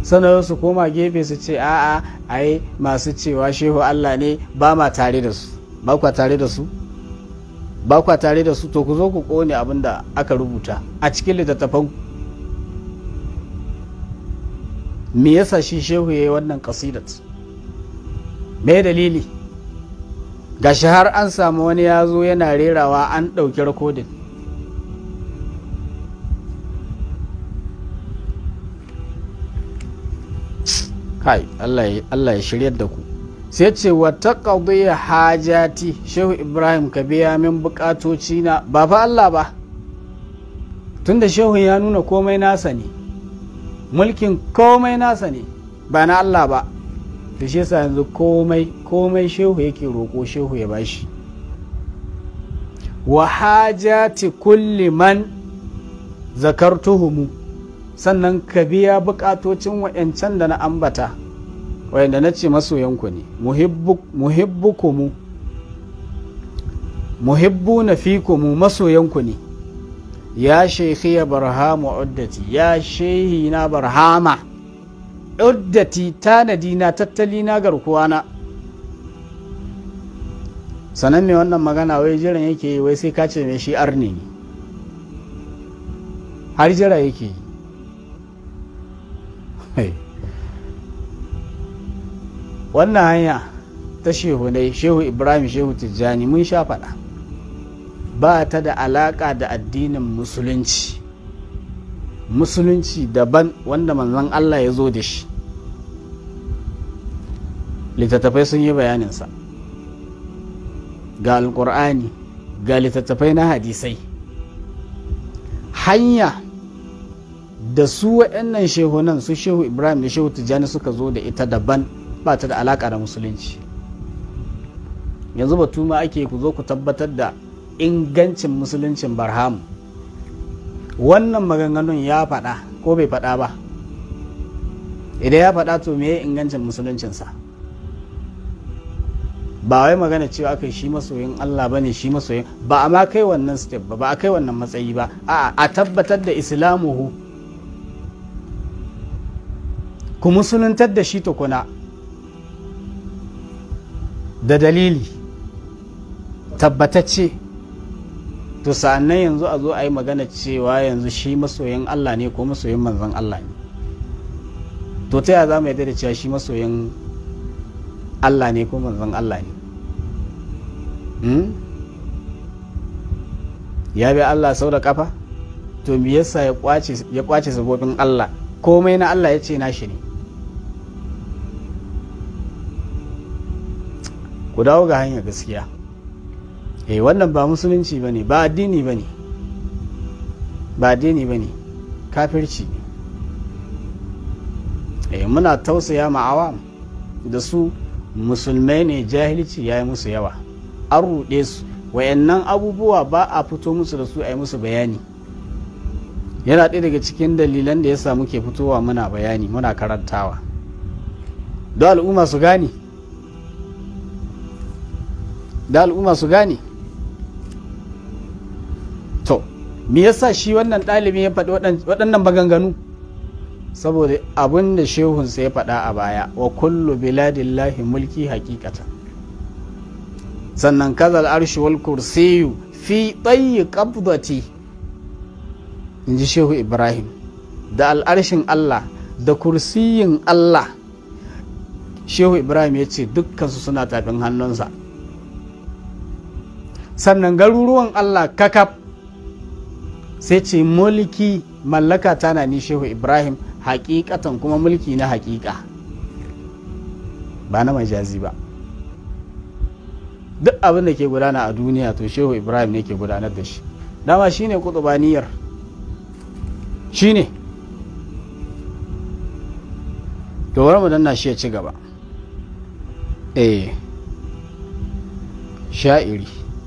sanar su koma gefe su ce a'a ai masu cewa shehu Allah ne ba ma tare da su ba kwa tare da su ba kwa tare da su to ku zo ku kone abin da aka rubuta a cikin littattafan me yasa shi shehu ya yi wannan kasidat me dalili gashi har an samu wani ya zo yana rerawa an ɗauki rikodin kai Allah ya shiryar da ku sai ce wa taqdiya hajati shehu ibrahim ka biya min bukatoci na ba fa Allah ba tun da shehu ya nuna komai nasa ne mulkin komai nasa ne ba na Allah ba da shi yasa yanzu komai komai shehu yake roƙo shehu ya bashi wa hajati kulli man zakartuhumu sannan ka biya bukatocin wa'yancan da na ambata wa'yanda na ce masoyanku ne muhibbukumu muhibbu na fi fikumu masoyanku ne ya shekhi ya barhama uddati ya shehi na barhama uddati tanadi na tattali na garkuwana sanan mai wannan magana wai jiran yake yi wai sai ka ce mai shi arni ne har jira yake yi wannan hanya ta shehu ne shehu ibrahim shehu tijjani mun sha faɗa ba ta da alaƙa da addinin musulunci musulunci daban wanda manzon allah ya zo da shi littattafai sun yi bayaninsa ga alƙur'ani ga littattafai na hadisai hanya da su wa'annan shehunan su shehu ibrahim da shehu tijjani suka zo da ita daban ba ta da alaka da musulunci yanzu batu ma ake ku zo ku tabbatar da ingancin musuluncin barhamu wannan maganganun ya faɗa ko bai faɗa ba idan ya faɗa to me ingancin musuluncinsa ba wai magana cewa aka shi masoyin Allah bane shi masoyin ba a ma kai wannan step ba ba a kai wannan matsayi ba a a tabbatar da islamuhu ku musuluntar da shi tukuna da dalili tabbatacce to sa'annan yanzu a zo a yi magana cewa yanzu shi masoyin Allah ne ko masoyin manzon Allah ne to ta yaya za mu da cewa shi masoyin Allah ne ko manzon Allah ne hmm? ya bi Allah sau da kafa to me yasa ya kwace sabobin Allah komai na Allah ya ce na shi ne ku dawo ga hanyar gaskiya eh wannan ba musulunci ba ne ba addini ba ne ba addini ba kafirci eh muna tausaya ma'awa da su musulmai ne jahilci ya yi musu yawa an ruɗe su wayannan abubuwa ba a fito musu da su a yi musu bayani yana ɗaya daga cikin dalilan da ya sa muke fitowa muna bayani muna karantawa don al'umma su gane da al'umma su gane to me yasa shi wannan ɗalibi ya faɗi waɗannan maganganu saboda abin da shehunsa ya faɗa a baya wa kullu biladillahi mulki hakikata sannan kazal arshi wal kursiyu fi tsayi qabdati in ji shehu ibrahim da al'arshin allah da kursiyin allah shehu ibrahim ya ce dukkansu suna tafin hannunsa sannan garuruwan Allah kakaf sai ce mulki mallaka na ni shehu ibrahim hakikatan kuma mulki na hakika ba na majazi ba duk abin da ke gudana a duniya to shehu ibrahim ne ke gudanar da shi dama shi shine kutubaniyar ne. to mu danna shi ya ci gaba eh sha'iri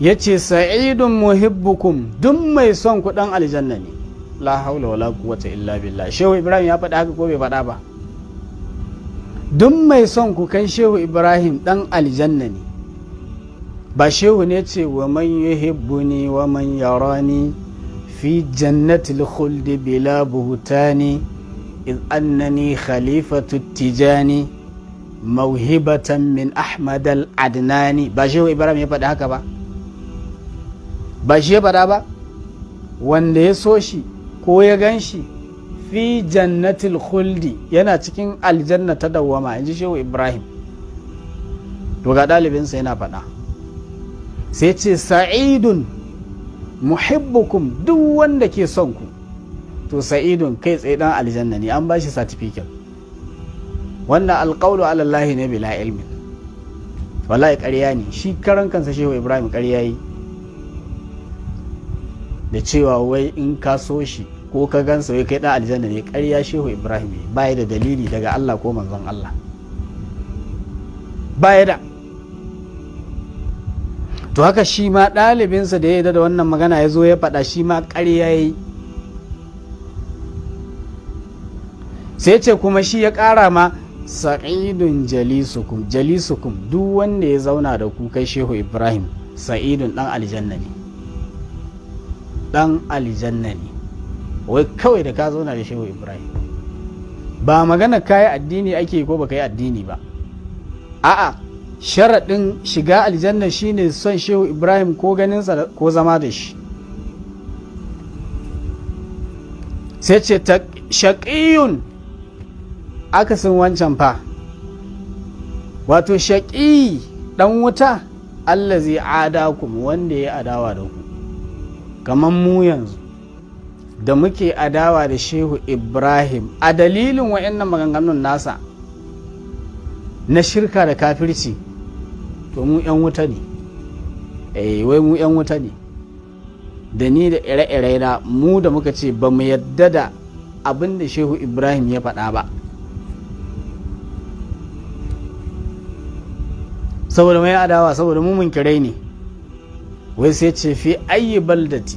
ya ce sa'idun muhibbukum duk mai son kuɗin aljanna ne la haula wala quwwata illa billah shehu ibrahim ya faɗa haka ko bai faɗa ba duk mai son ku kan shehu ibrahim ɗan aljanna ne ba shehu ne ce wa man yuhibbuni wa man yarani fi jannatil khuldi bila buhutani id annani khalifatu tijani mauhibatan min ahmad al adnani ba shehu ibrahim ya faɗa haka ba ba shi ya faɗa ba wanda ya so shi ko ya gan shi fi jannatil khuldi yana cikin aljanna ta dawwama inji shehu ibrahim to ga ɗalibinsa yana faɗa sai ce sa'idun muhibbukum duk wanda ke son ku to sa'idun kai tsaye dan aljanna ne an ba shi certificate wannan alƙawlu alallahi ne bila ilmin wallahi ƙarya ne shi karan kansa shehu ibrahim ƙarya yi da cewa wai in ka so shi ko ka gansa wai kai dan aljanna ne ƙarya shehu ibrahim ne baya da dalili daga allah ko manzon allah baya da to haka shi ma ɗalibinsa da ya yi da wannan magana ya zo ya faɗa shi ma ƙarya ya yi sai ce kuma shi ya ƙara ma sa'idun jalisukum jalisukum duk wanda ya zauna da ku kai shehu ibrahim sa'idun ɗan aljanna ne dan aljanna ne wai kawai da ka zauna da shehu ibrahim ba magana ka yi addini ake ko baka yi addini ba a'a sharaɗin shiga aljanna shine son shehu ibrahim ko ganinsa ko zama da shi sai ce ta shaƙiyun akasin wancan fa wato shaƙi ɗan wuta allazi ada kuma wanda ya adawa da ku kamar mu yanzu da muke adawa da shehu ibrahim a dalilin wa'annan maganganun nasa na shirka da kafirci to mu 'yan wuta ne eh, wai mu 'yan wuta ne da ni da ire-ire na mu da muka ce ba mu yadda da abin da shehu ibrahim ya faɗa ba saboda mai adawa saboda mu mun kirai ne wai sai ce fi ayi baldati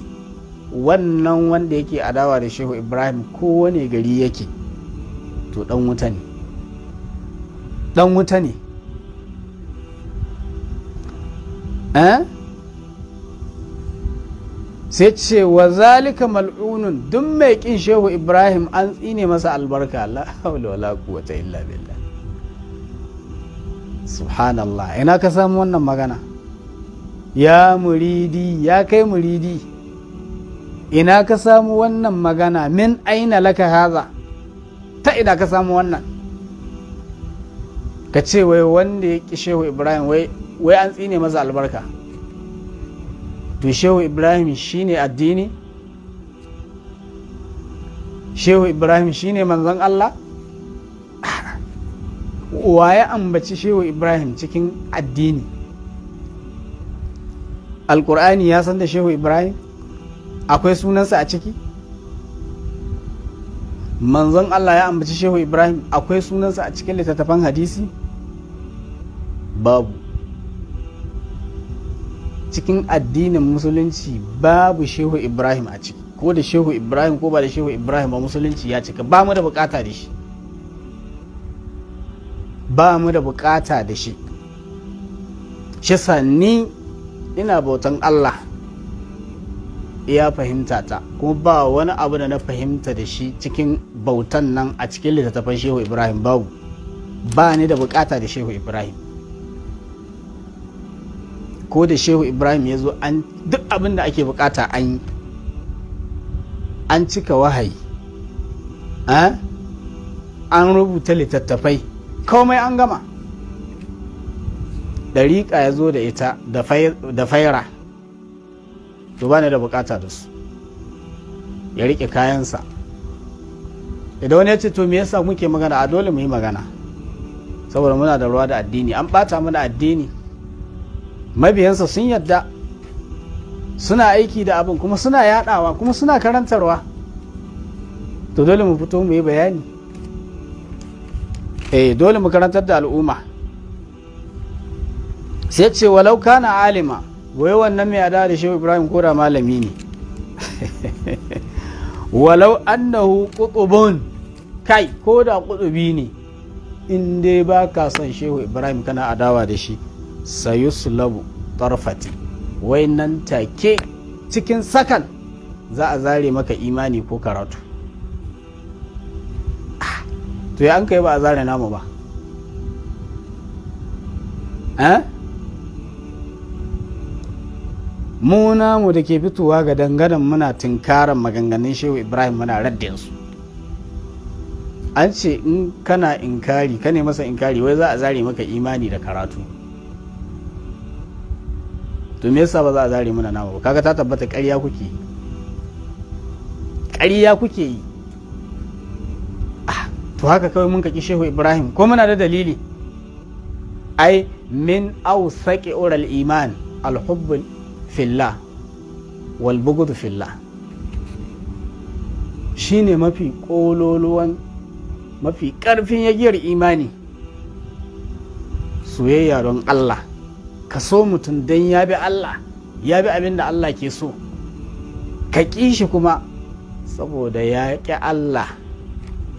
wannan wanda yake adawa da shehu ibrahim kowane gari yake to dan wuta ne dan wuta ne eh? sai ce wa zalika mal'unun duk mai kin shehu ibrahim an tsine masa albarka la haula wala quwwata illa billah subhanallah ina ka samu wannan magana ya muridi ya kai muridi ina ka samu wannan magana min aina laka haza ta ina ka samu wannan ka ce wai wanda ya ƙi shehu ibrahim wai an tsine masa albarka to shehu ibrahim shine addini shehu ibrahim shine manzon allah wa ya ambaci shehu ibrahim cikin addini alkur'ani ya san da shehu ibrahim akwai sunansa a ciki manzon allah ya ambaci shehu ibrahim akwai sunansa a cikin littattafan hadisi babu cikin addinin musulunci babu shehu ibrahim a ciki ko da shehu ibrahim ko ba da shehu ibrahim ba musulunci ya cika ba mu da bukata da shi ba mu da bukata da shi shi ni ina bautan Allah ya fahimta ta kuma ba wani abu da na fahimta da shi cikin bautan nan a cikin littattafan shehu ibrahim babu ba ni da bukata da shehu ibrahim ko da shehu ibrahim ya zo an duk abin da ake bukata an yi an cika wahayi an rubuta littattafai komai an gama ɗariƙa ya zo da ita da faira to ba da bukata da su ya riƙe kayansa idan wani ya ce to me yasa muke magana a dole mu yi magana saboda muna da ruwa da addini an ɓata mana addini mabiyansa sun yadda suna aiki da abin kuma suna yadawa kuma suna karantarwa to dole mu fito mu yi bayani eh dole mu karantar da al'umma sai ce walau kana alima wai wannan mai ada da shehu ibrahim kora malami ne walau annahu qutubun kai ko da qutubi ne in dai ba ka son shehu ibrahim kana adawa da shi labu tarfati wai nan take cikin sakan za a zare maka imani ko karatu ah, to ya an kai ba a zare namu ba eh? mu namu da ke fitowa ga dangaren muna tunkaran maganganun shehu ibrahim muna raddin su an ce in kana inkari ka ne masa inkari wai za a zare maka imani da karatu to me yasa ba za a zare muna namu ba kaga ta tabbata ƙarya kuke yi ƙarya kuke yi ah, to haka kawai mun kaki shehu ibrahim ko muna da dalili ai min au saƙi oral iman alhubbul Filla wal filla fillah shine mafi ƙololuwan mafi ƙarfin yagiyar imani soyayya don Allah ka so mutum don ya bi Allah ya bi abin da Allah ke so ka ƙi shi kuma saboda ya ƙi Allah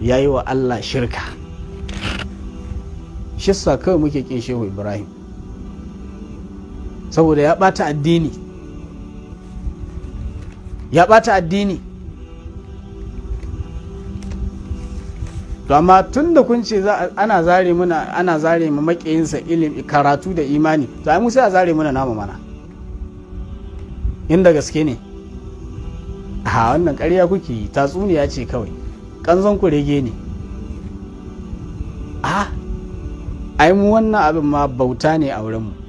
ya yi wa Allah shirka shi sa kawai muke ƙin shehu Ibrahim saboda ya ɓata addini ya ɓata addini to amma tun da kun ce ana zare muna ana zare mu makiyinsa ilimi karatu da imani to ai mu sai a zare muna namu mana inda gaske ne a wannan ƙarya kuke yi tatsuniya ce kawai kanzon ku rege ne a ah, ai mu wannan abin ma bauta ne a wurinmu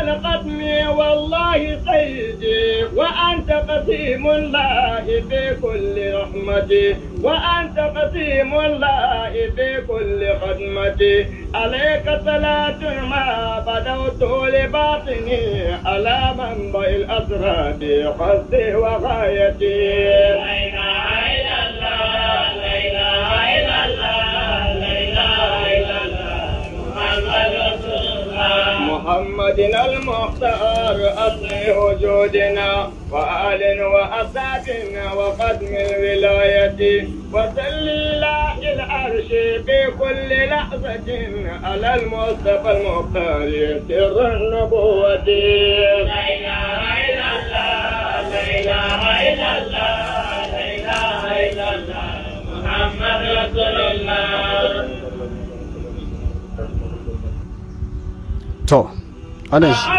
خلقتني والله سيدي وأنت قسيم الله بكل رحمتي وأنت قسيم الله بكل خدمتي عليك صلاة ما بدوت لباطني على منبع الأسرار قصدي وغايتي محمد المختار أصل وجودنا وآل وأساد وقدم الولاية وسل الله العرش في كل لحظة على المصطفى المختار سر النبوة لا إله إلا الله لا إله إلا الله لا إله إلا الله محمد رسول الله to anan shi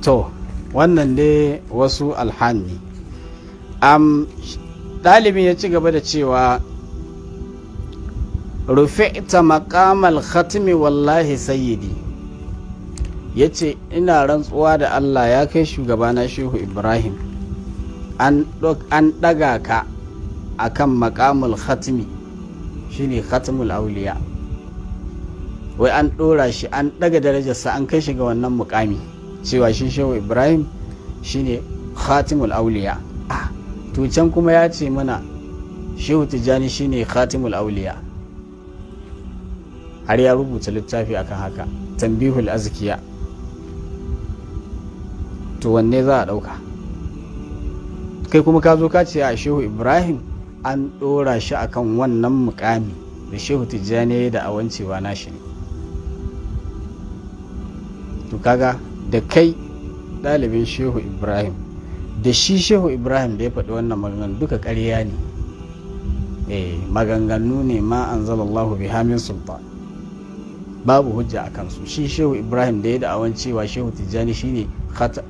to wannan ne wasu alhani. am dalibin ya ci gaba da cewa rufeta maqamal khatimi wallahi sayyidi ya ce ina rantsuwa da allah ya kai shugabana shehu ibrahim an ɗaga ka akan makamul khatmi shine khatmul auliya wai an ɗora shi an ɗaga darajarsa an kai shi ga wannan mukami cewa shi shehu ibrahim shine khatimul auliya ah, to can kuma ya ce mana shehu tijjani shine khatimul auliya har ya rubuta littafi akan haka tambihul azkiya to wanne za a ɗauka kai kuma ka zo ka ce a shehu ibrahim an ɗora shi akan wannan mukami da shehu tijjani ya yi da awancewa nashi ne to kaga da kai ɗalibin shehu ibrahim da shi shehu ibrahim da ya faɗi wannan maganganu duka ƙarya ne eh maganganu ne ma an zalallahu bi hamin sultan babu hujja a kansu shi shehu ibrahim da ya da'awan cewa shehu tijjani shine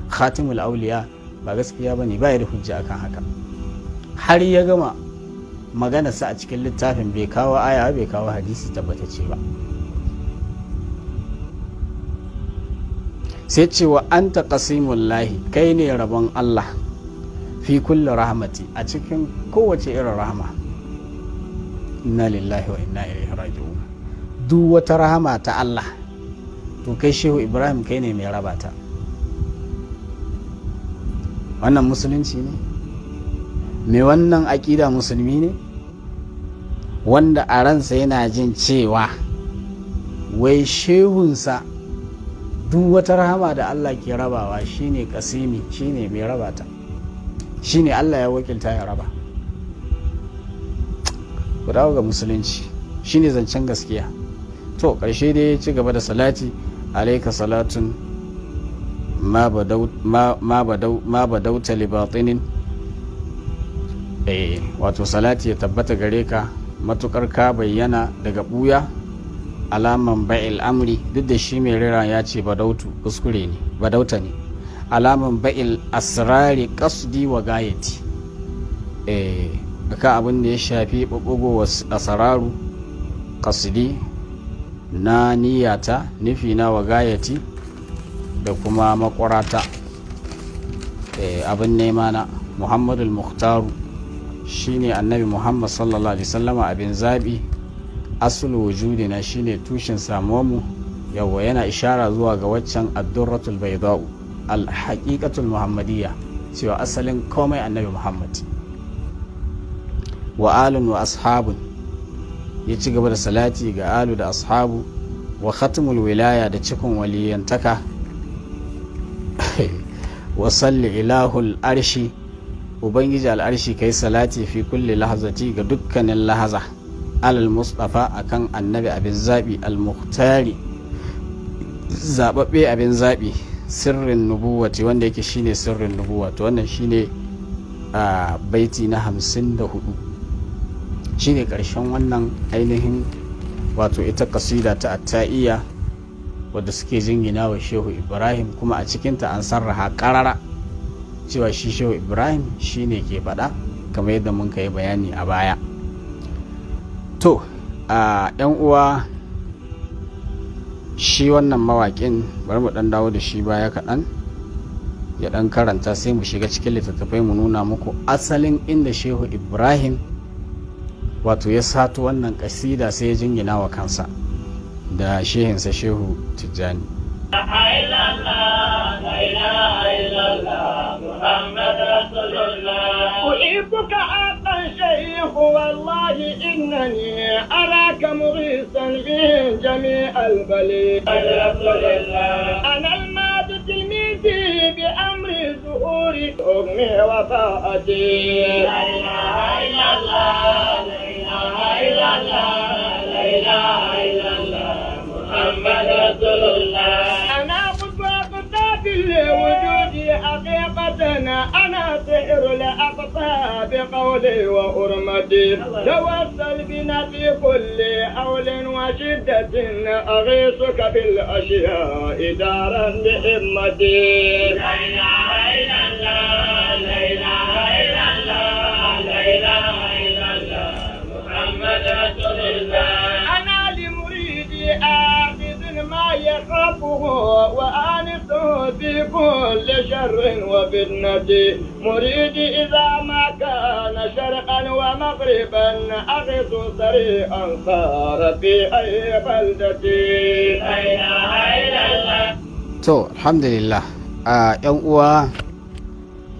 khatimul auliya ba gaskiya ba ne ba ya da hujja akan haka har ya gama magana sa a cikin littafin bai kawo aya bai kawo hadisi tabbatacce ba sai cewa an ta lahi kai ne rabon Allah fi kulli rahmati a cikin kowace irin rahama inna lillahi wa inna ilaihi raji'un duk wata rahama ta Allah to kai shehu ibrahim kai ne mai rabata wannan musulunci ne me wannan aƙida musulmi ne wanda a ransa yana jin cewa wai shehunsa duk wata rahama da Allah ke rabawa shine kasimi shine mai rabata. shine Allah ya wakilta ya raba ku dawo ga musulunci shine zancen gaskiya to ƙarshe dai ya ci gaba da salati alaika salatun ma libatinin Eh, wato salati ya tabbata gare ka matukar ka bayyana daga buya alaman ba'il amri duk da shi mai rira ya ce badautu kuskure ne badauta ne alaman ba'il asrari kasudi wa gayati eh, ka abin da ya shafi bubugo asararu kasudi na niyata nufina wa gayati da kuma makwarata eh, abin nema na muhammadul muhtaru shine annabi muhammad sallallahu alaihi wasallama abin zaɓi asul wujudi na shine tushen mu. yawa yana ishara zuwa ga waccan addurratul baidau alhaqiqatul muhammadiyya cewa asalin komai annabi muhammad wa alun wa ashabu ya ci gaba da salati ga alu da ashabu wa khatmul wilaya da cikin waliyantaka wa salli ilahul arshi ubangiji al'arshi kai salati fi kulli lahazati ga dukkanin lahaza alal mustafa akan annabi abin zaɓi al-muhtari zaɓaɓɓe abin zaɓi sirrin nubuwati wanda yake shine sirrin nubuwa wannan shine a baiti na hamsin da hudu shine karshen wannan ainihin wato ita kasida ta atta'iya wadda suke jingina wa shehu ibrahim kuma a cikinta an sarraha ƙarara cewa shi shehu ibrahim shine ke faɗa kamar yadda mun yi bayani a baya to a yan uwa shi wannan mawaƙin bari mu ɗan dawo da shi baya kaɗan ya ɗan karanta sai mu shiga cikin littattafai mu nuna muku asalin inda shehu ibrahim wato ya sato wannan ƙasida sai ya jingina wa kansa da shehinsa shehu tijjani محمد رسول الله أحبك حقا شيخ والله إنني أراك مغيثا في جميع البليد رسول الله أنا الماد تلميذي بأمر زهور أمي وفاءتي لا إله إلا الله لا إله إلا الله لا إله إلا الله محمد رسول الله حقيقتنا أنا سحر لأقصى بقولي وأرمتي توسل بنا في كل حول وشدة أغيثك بالأشياء دارا بهمتي يخافه وآنسه في كل شر وفتنة مريد إذا ما كان شرقا ومغربا أخذ سريعا صار في أي بلدة To, alhamdulillah, ‘yan uwa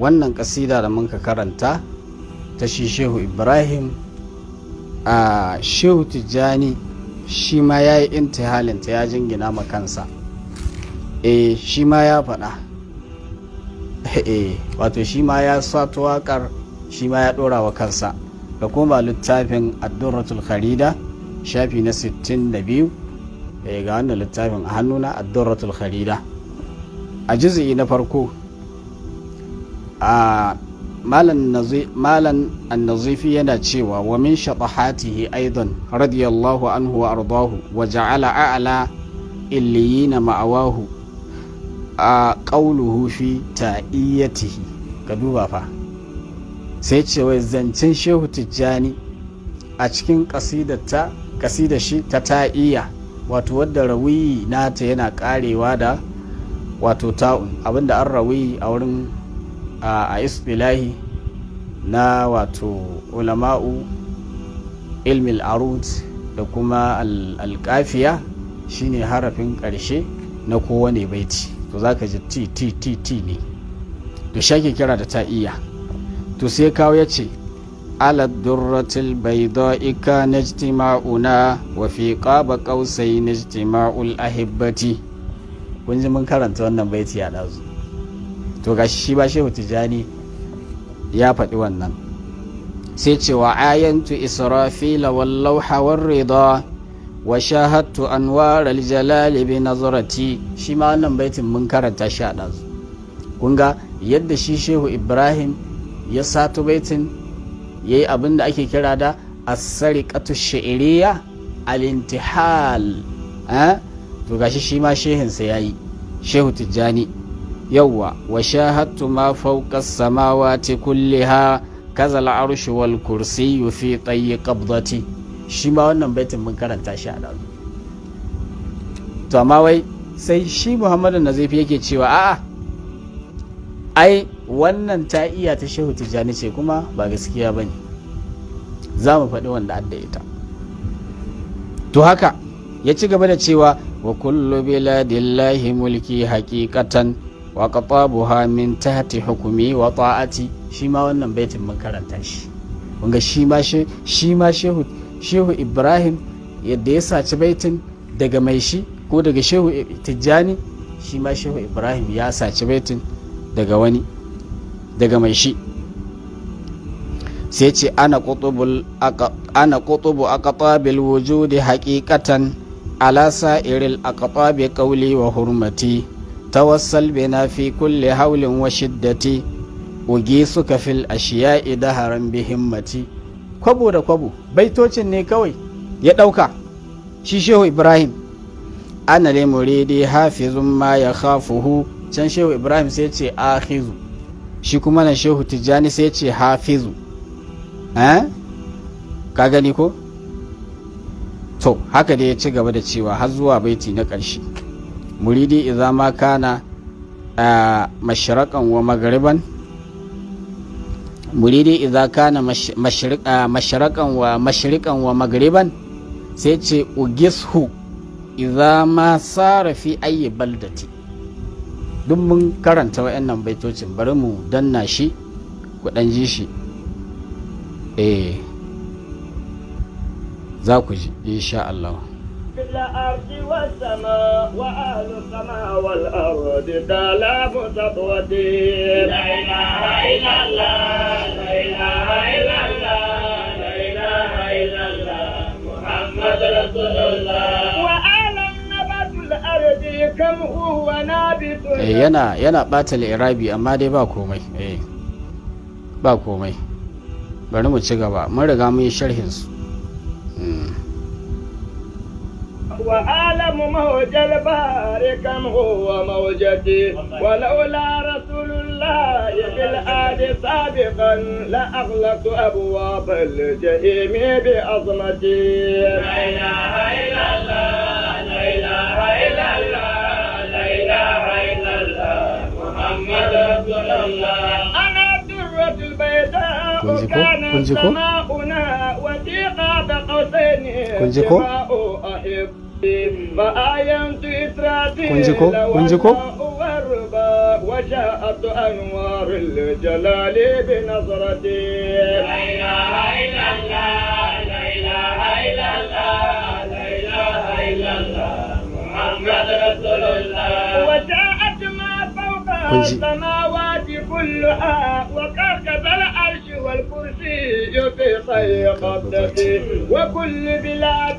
wannan kasida da muka karanta ta shi Shehu Ibrahim, a uh, Shehu Tijjani shi ma ya yi intihalinta ya jingina ma kansa eh shi ma ya faɗa e wato shi ma ya sato waƙar shi ma ya ɗora wa kansa da kuma littafin addurratul kharida shafi na 62 e eh, ga wannan littafin a hannuna addurratul kharida a jizi na farko a malan annazifi yana cewa wa min shatahatihi aidan radiyallahu anhu wa ardahu wa ja'ala a'la illiyina ma'awahu a qauluhu fi ta'iyatihi ka duba fa sai ce wai zancen shehu tijjani a cikin kasidata kasidar shi ta ta'iya wato wadda rawiyi nata yana karewa da wato ta'un abinda an rawiyi a wurin a istilahi na wato ulama'u ilmil arut da kuma Alkafiya shine harafin ƙarshe na kowane baiti to za ka ji ti ne to shake kira da ta iya to sai kawo ya ce bai على na البيضاء na wafi ƙaba قاب na اجتماع الأحبة kun ji mun karanta wannan baiti a ɗazu to gashi shi ba shehu tijani ya faɗi wannan sai cewa ayantu israfila wallauha warrida wa shahattu anwar aljalali bi nazarati shi ma wannan baitin mun karanta shi a ɗazu kun ga yadda shi shehu ibrahim ya sato baitin ya yi abin da ake kira da asariƙatu sha'iriya alintihal eh? to gashi shi ma shehinsa ya yi shehu tijjani yawwa wa shahattu ma ta kulle kulliha kaza al'arshu wal kursiyyu fi tayyi qabdati shi ma wannan baitin mun karanta shi a dazu to amma wai sai shi Muhammadu Nazifi yake cewa a'a ai wannan ta iya ta shehu tijjani ce kuma ba gaskiya bane za mu faɗi wanda adda ita to haka ya ci gaba da cewa wa kullu biladillahi mulki haƙiƙatan wa qatabuha min tahti hukumi wa ta'ati shi ma wannan baitin mun karanta shi kun ga shi ma shi ma shehu shehu Ibrahim yadda ya saci baitin daga mai shi ko daga shehu Tijjani shi ma shehu Ibrahim ya saci baitin daga wani daga mai shi sai ce ana kutubu aqtabil wujudi haƙiƙatan ala sa'iril aqtabi kauli wa hurmati tawassal bina fi kulle haulin wa shiddati ugi suka fil ashiya'i daharan bi himmati kwabo da kwabo baitocin ne kawai ya ɗauka shi shehu ibrahim ana ne muridi hafizun ma ya khafuhu can shehu ibrahim sai ce ahizu shi kuma na shehu tijjani sai ce hafizu ka gani ko to haka da ya ci gaba da cewa har zuwa baiti na ƙarshe muridi idza ma kana wa magariban, muridi idza kana wa wa sai ce ugishu idza ma sara fi ayi baldati duk mun karanta wa'annan baitocin bari mu danna shi ku dan ji shi eh za ku ji insha Allah في الأرض والسماء وأهل السماء والأرض تعلم سطوتي لا إله إلا الله لا إله إلا الله لا إله إلا الله محمد رسول الله yana yana bata irabi amma dai ba komai eh, ba komai bari mu ci gaba mun riga mun yi sharhin su وأعلم موج البحر كم هو موجتي ولولا رسول الله بالآل سابقا لأغلقت أبواب الجحيم بعظمتي لا إله إلا الله لا إله إلا الله لا إله إلا الله محمد رسول الله أنا درة البيداء كانت سماؤنا وثيقا بقوسين كنزيكو كنجكو كنجكو وجاءت أنوار الجلال بنظرتي لا إله إلا الله لا إله إلا الله لا إله إلا الله محمد رسول الله وجاءت ما فوق السماوات كلها والكرسي في قبضتي وكل بلاد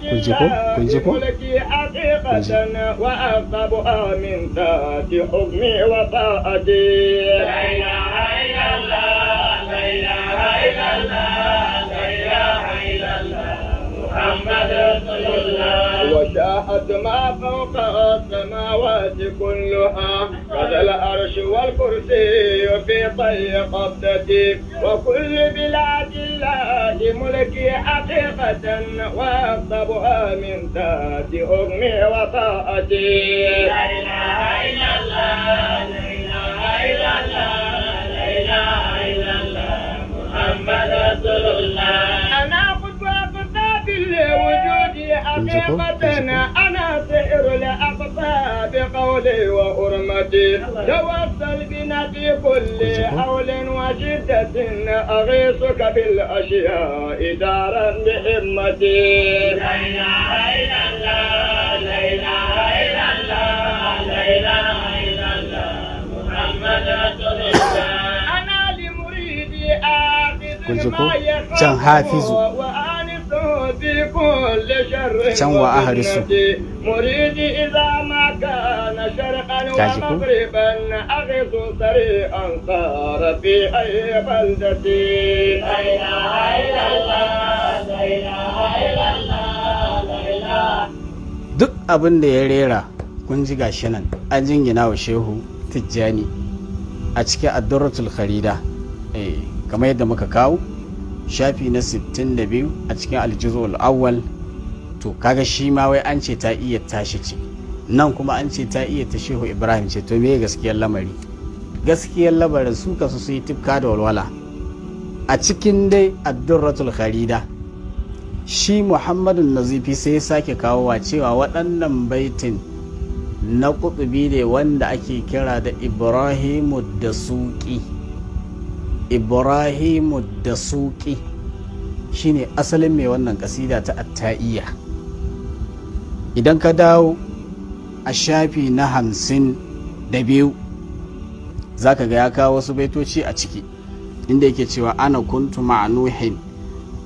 ملكي حقيقة وأغضبها من ذات حكمي وطاعتي لا إله إلا الله لا إله إلا الله لا إله إلا الله محمد رسول الله وجاءت ما فوق السماوات كلها هذا العرش والكرسي في طي قبضتي وكل بلاد الله ملكي حقيقة وأغضبها من ذات أمي وطاعتي لا إله إلا الله لا إله إلا الله لا إله إلا الله محمد رسول الله أنا قدوة قدوة وجودي حقيقة أنا أطير الأقصى بقولي وأرمتي توصل بنا في كل حول وشدة أغيثك بالأشياء دارا بهمتي لا إله لا إله إلا الله لا في كل a شن duk abin da ya rera kun ji gashi nan an jingina wa shehu tijjani a cikin addurratul kharida kamar yadda muka kawo shafi na 62 a cikin aljizul awal. to kaga shi ma wai an ce ta iya tashi ce nan kuma an ce ta iya ta shehu ibrahim ce to me gaskiyar lamari gaskiyar lamarin su kasu su yi tifka da walwala a cikin dai addurratul kharida shi muhammadu nazifi sai ya sake kawo wa cewa waɗannan baitin na kutubi ne wanda ake kira da ibrahimu da suƙi ibrahimu da suƙi shine asalin mai wannan ƙasida ta atta'iyya idan ka dawo a shafi na hamsin da biyu za ka ga ya kawo wasu baitoci a ciki inda yake cewa ana kuntu ma'anuhin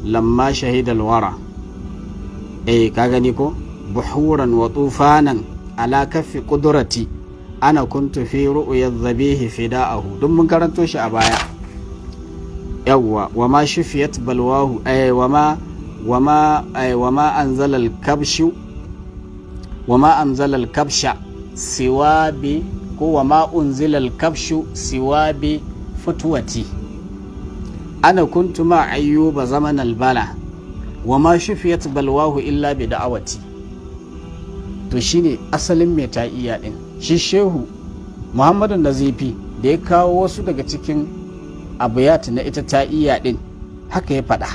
lamma shahidal wara eh ka gani ko buhuran wa tufanan ala kudurati ana kuntu fi ru'uyar zabihi fida'ahu duk mun karanto shi a baya yawwa wa ma shufiyat balwahu ay eh, wa ma wa ma ay eh, wa ma anzala wa ma anzala al-kabsha ko wa ma unzila ana kuntu ma ayyuba zaman al wa ma shufiyat balwahu illa bi da'awati to shine asalin mai iya din shi shehu muhammadu nazifi da ya kawo wasu daga cikin Abu ya tuna ita ta iya din haka ya faɗa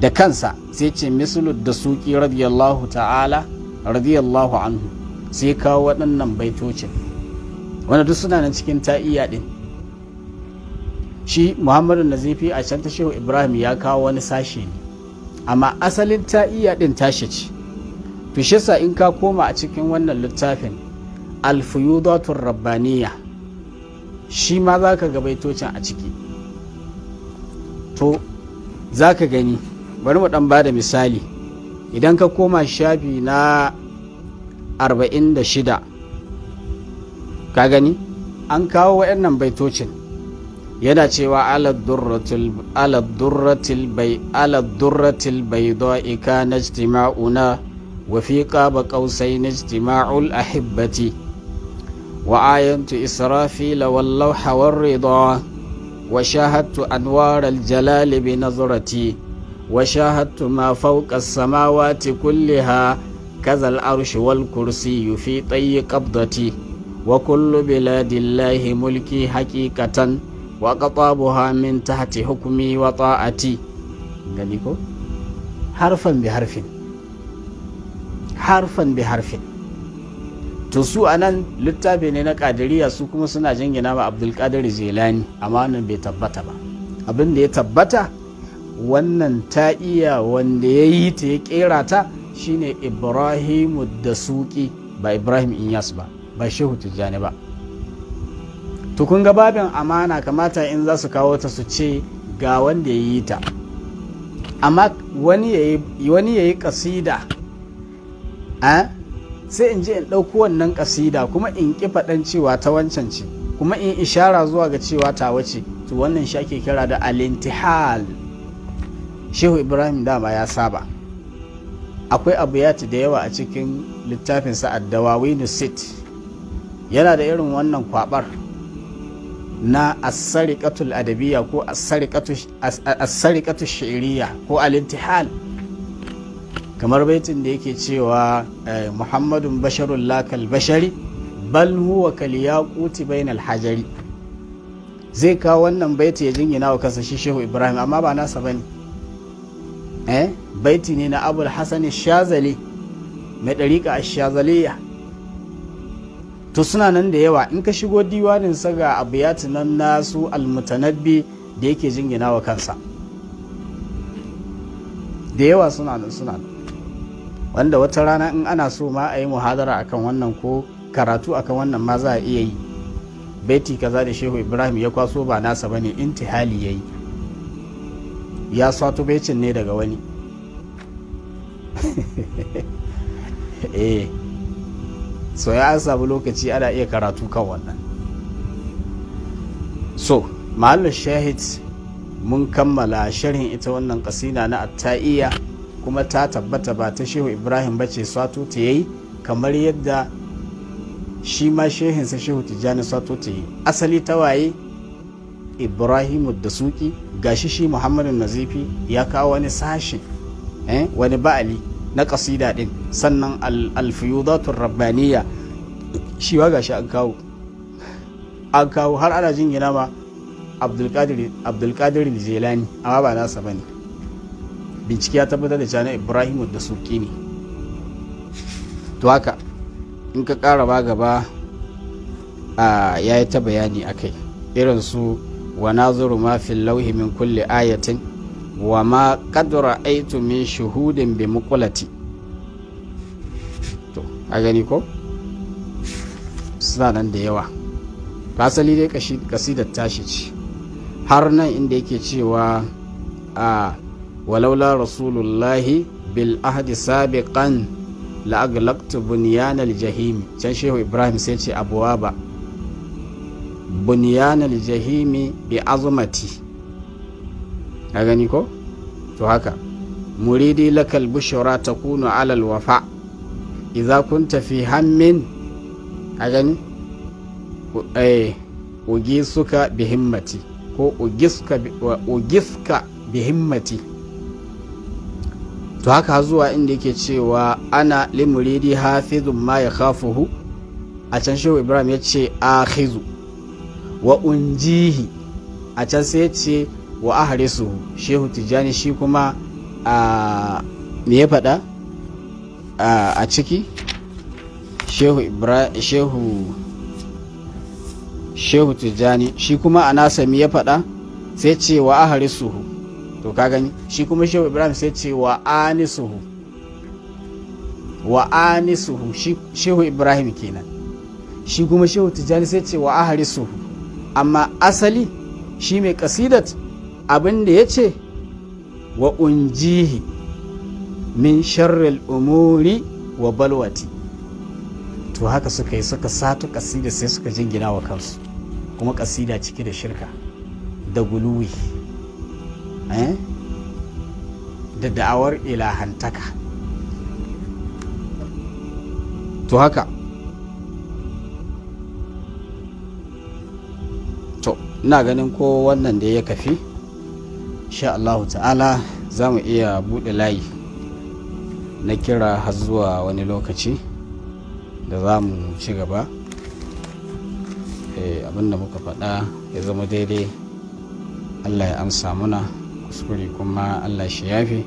da kansa sai ce mislu da suki radiyallahu ta'ala radiyallahu anhu sai kawo waɗannan baitocin wanda duk suna nan cikin ta iya din shi muhammadu nazifi a can ta shehu ibrahim ya kawo wani sashe ne amma asalin ta iya din tashi ce fishe sa in ka koma a cikin wannan littafin alfuyudatun rabbaniya shi ma za ka ga baitocin a ciki to za ka gani bari mu ɗan ba da misali idan ka koma shafi na 46 ka gani an kawo waɗannan baitocin yana cewa aladdurratil bai do'ika na jima'una wa fi ƙaba ƙausai na jima'ul ahibbati وعاينت إسرافيل واللوح والرضا وشاهدت أنوار الجلال بنظرتي وشاهدت ما فوق السماوات كلها كذا الأرش والكرسي في طي قبضتي وكل بلاد الله ملكي حقيقة وقطابها من تحت حكمي وطاعتي حرفا بحرف حرفا بحرف to su a nan littafi ne na kadiriya su kuma suna jingina ma abdulkadir zelani amma wannan bai tabbata ba abin da ya tabbata wannan ta iya wanda ya yi ta ya kera ta shine ibrahimu da suki ba ibrahim inyas ba ba shehu tijjani ba tukun gababin babin amana kamata in za su kawo ta su ce ga wanda ya yi ta amma wani ya yi kasida eh? sai in je in ɗauko wannan ƙasida kuma in ƙi faɗan cewa ta wancan ce kuma in ishara zuwa ga cewa ta wace to wannan shi ake kira da alintihal shehu ibrahim dama ya saba akwai abu ya da yawa a cikin littafin sa'ad dawawinu sit yana da irin wannan kwabar na asarikatul adabiya ko asarikatul shi'iriya ko alintihal kamar baitin da yake cewa eh, muhammadun basharun lakal bashari bal huwa kal kuti bainal hajari zai kawo wannan baiti ya jingina wa kansa shi shehu ibrahim amma ba nasa bane eh baiti ne na abul hasan shazali mai dariƙa shazaliya to suna nan da yawa in ka shigo diwanin sa ga abiyati nan nasu almutanabbi da yake jingina wa kansa da yawa suna nan suna nan wanda wata rana in ana so ma a yi muhadara akan wannan ko karatu akan wannan ma za a iya yi beti kaza da shehu ibrahim ya kwaso ba nasa ba ne tihali ya yi ya sato becin ne daga wani eh so ya sabu lokaci ana iya karatu kan wannan so mahallin shahid mun kammala sharhin ita wannan kasina na atta'iyya kuma ta tabbata ba ta shehu ibrahim ba ce sato ta yi kamar yadda shi ma shehinsa shehu tijjani sato ta yi asali ta waye ibrahimu da suki gashi shi muhammadu nazifi ya kawo wani sashi eh, wani ba'ali na kasida din sannan alfiyudatun rabbaniya shi wa gashi an kawo an kawo har ana jin gina ma abdulkadir jelani amma ba nasa bane bincike ya tabbatar da cewa Ibrahimu da suki ne to haka in ka ƙara ba gaba ya yi ta bayani a kai irin su wa nazuru ma fil lauhi min kulli ayatin wa ma kadura aitu min shuhudin bi mukulati to a gani ko suna nan da yawa asali dai kasidar tashi ce har nan inda yake cewa a walaula rasulullahi bil ahdi sabiqan la aglaqtu bunyanal jahimi can shehu ibrahim sai ce abuwa ba bunyanal jahimi bi azmati ka gani ko to haka muridi lakal bushra takunu alal wafa Iza kun tafi hammin ka gani eh ugi suka bi himmati ko ugiska bi himmati to haka zuwa inda yake cewa ana limuridi hafizun ma ya khafuhu a can shehu ibrahim ya ce akhizu wa unjihi a can sai ya ce wa ahrisu shehu tijjani shi kuma a me ya faɗa a ciki shehu ibrahim shehu shehu tijjani shi kuma a nasa me ya faɗa sai ce wa ahrisu to ka gani shi kuma shehu ibrahim sai ce wa anisuhu wa anisuhu shehu ibrahim kenan shi kuma shehu tijjani sai ce wa aharisuhu amma asali shi mai kasidat abinda ya ce wa unjihi min sharril umuri wa balwati to haka suka yi suka sato kasida sai suka jingina wa kansu kuma kasida cike da shirka da guluwi Eh? da da'awar ilahantaka to haka to ina ganin ko wannan da ya kafi sha Allahu ta'ala za mu iya buɗe layi na kira har zuwa wani lokaci da za mu ci gaba eh, abinda muka faɗa ya zama daidai allah ya amsa muna kuskure kuma allah shi yafe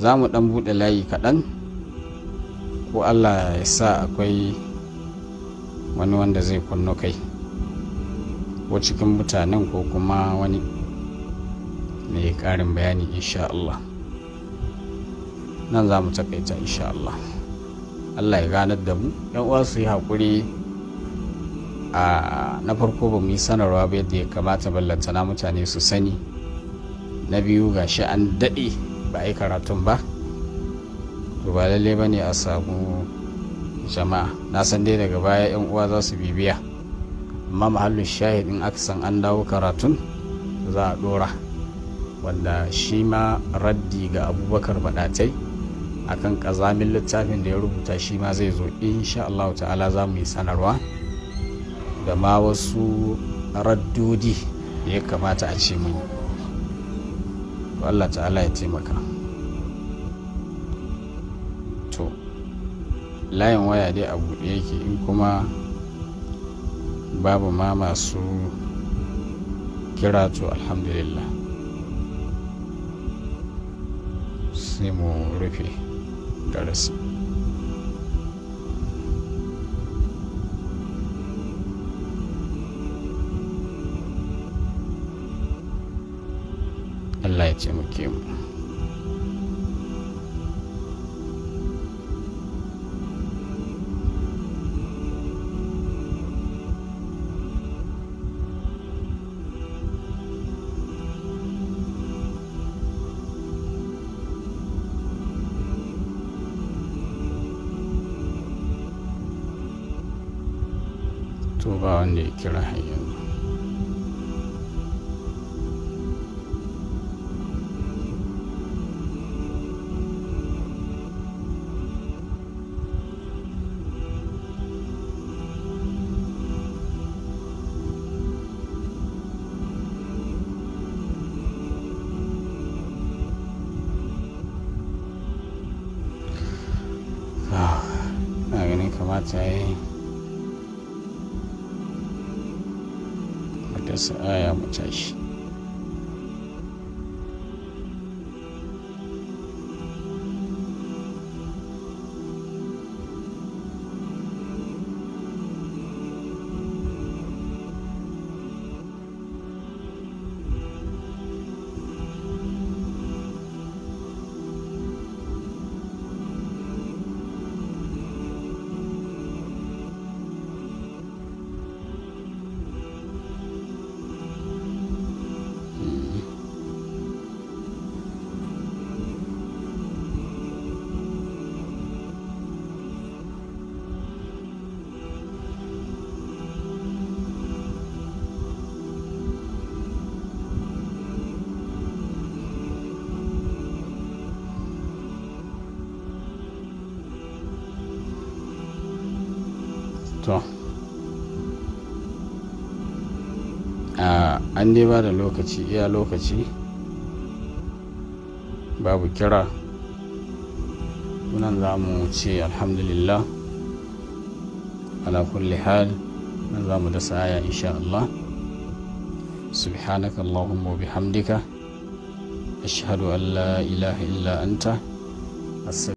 za mu dan buɗe layi kaɗan ko allah ya sa akwai wani wanda zai kunno kai ko cikin mutanen ko kuma wani mai ƙarin bayani insha allah nan za mu takaita insha allah allah ya ganar da mu yan uwa su yi haƙuri ah, na farko ba mu yi sanarwa ba yadda ya kamata ballantana mutane su sani na biyu ga shi an daɗe ba a yi karatun ba to ba lalle ba ne a samu jama'a na san dai daga baya yan uwa za su bibiya amma mahallin shahidin in aka san an dawo karatun za a dora wanda shi ma raddi ga abubakar baɗatai akan ƙazamin littafin da ya rubuta shi ma zai zo insha Allah ta'ala za mu yi sanarwa da ma wasu raddodi da ya kamata a ce mu Allah ta'ala ya taimaka to layin waya dai a buɗe yake in kuma babu ma masu kira to alhamdulillah sai mu rufe darasi チーム9も。とがんでいけない。dai ba da lokaci iya lokaci babu kira nan za mu ce alhamdulillah ala kulli hal nan za mu dasa aya insha Allah سبحانك اللهم وبحمدك أشهد أن لا إله illa anta.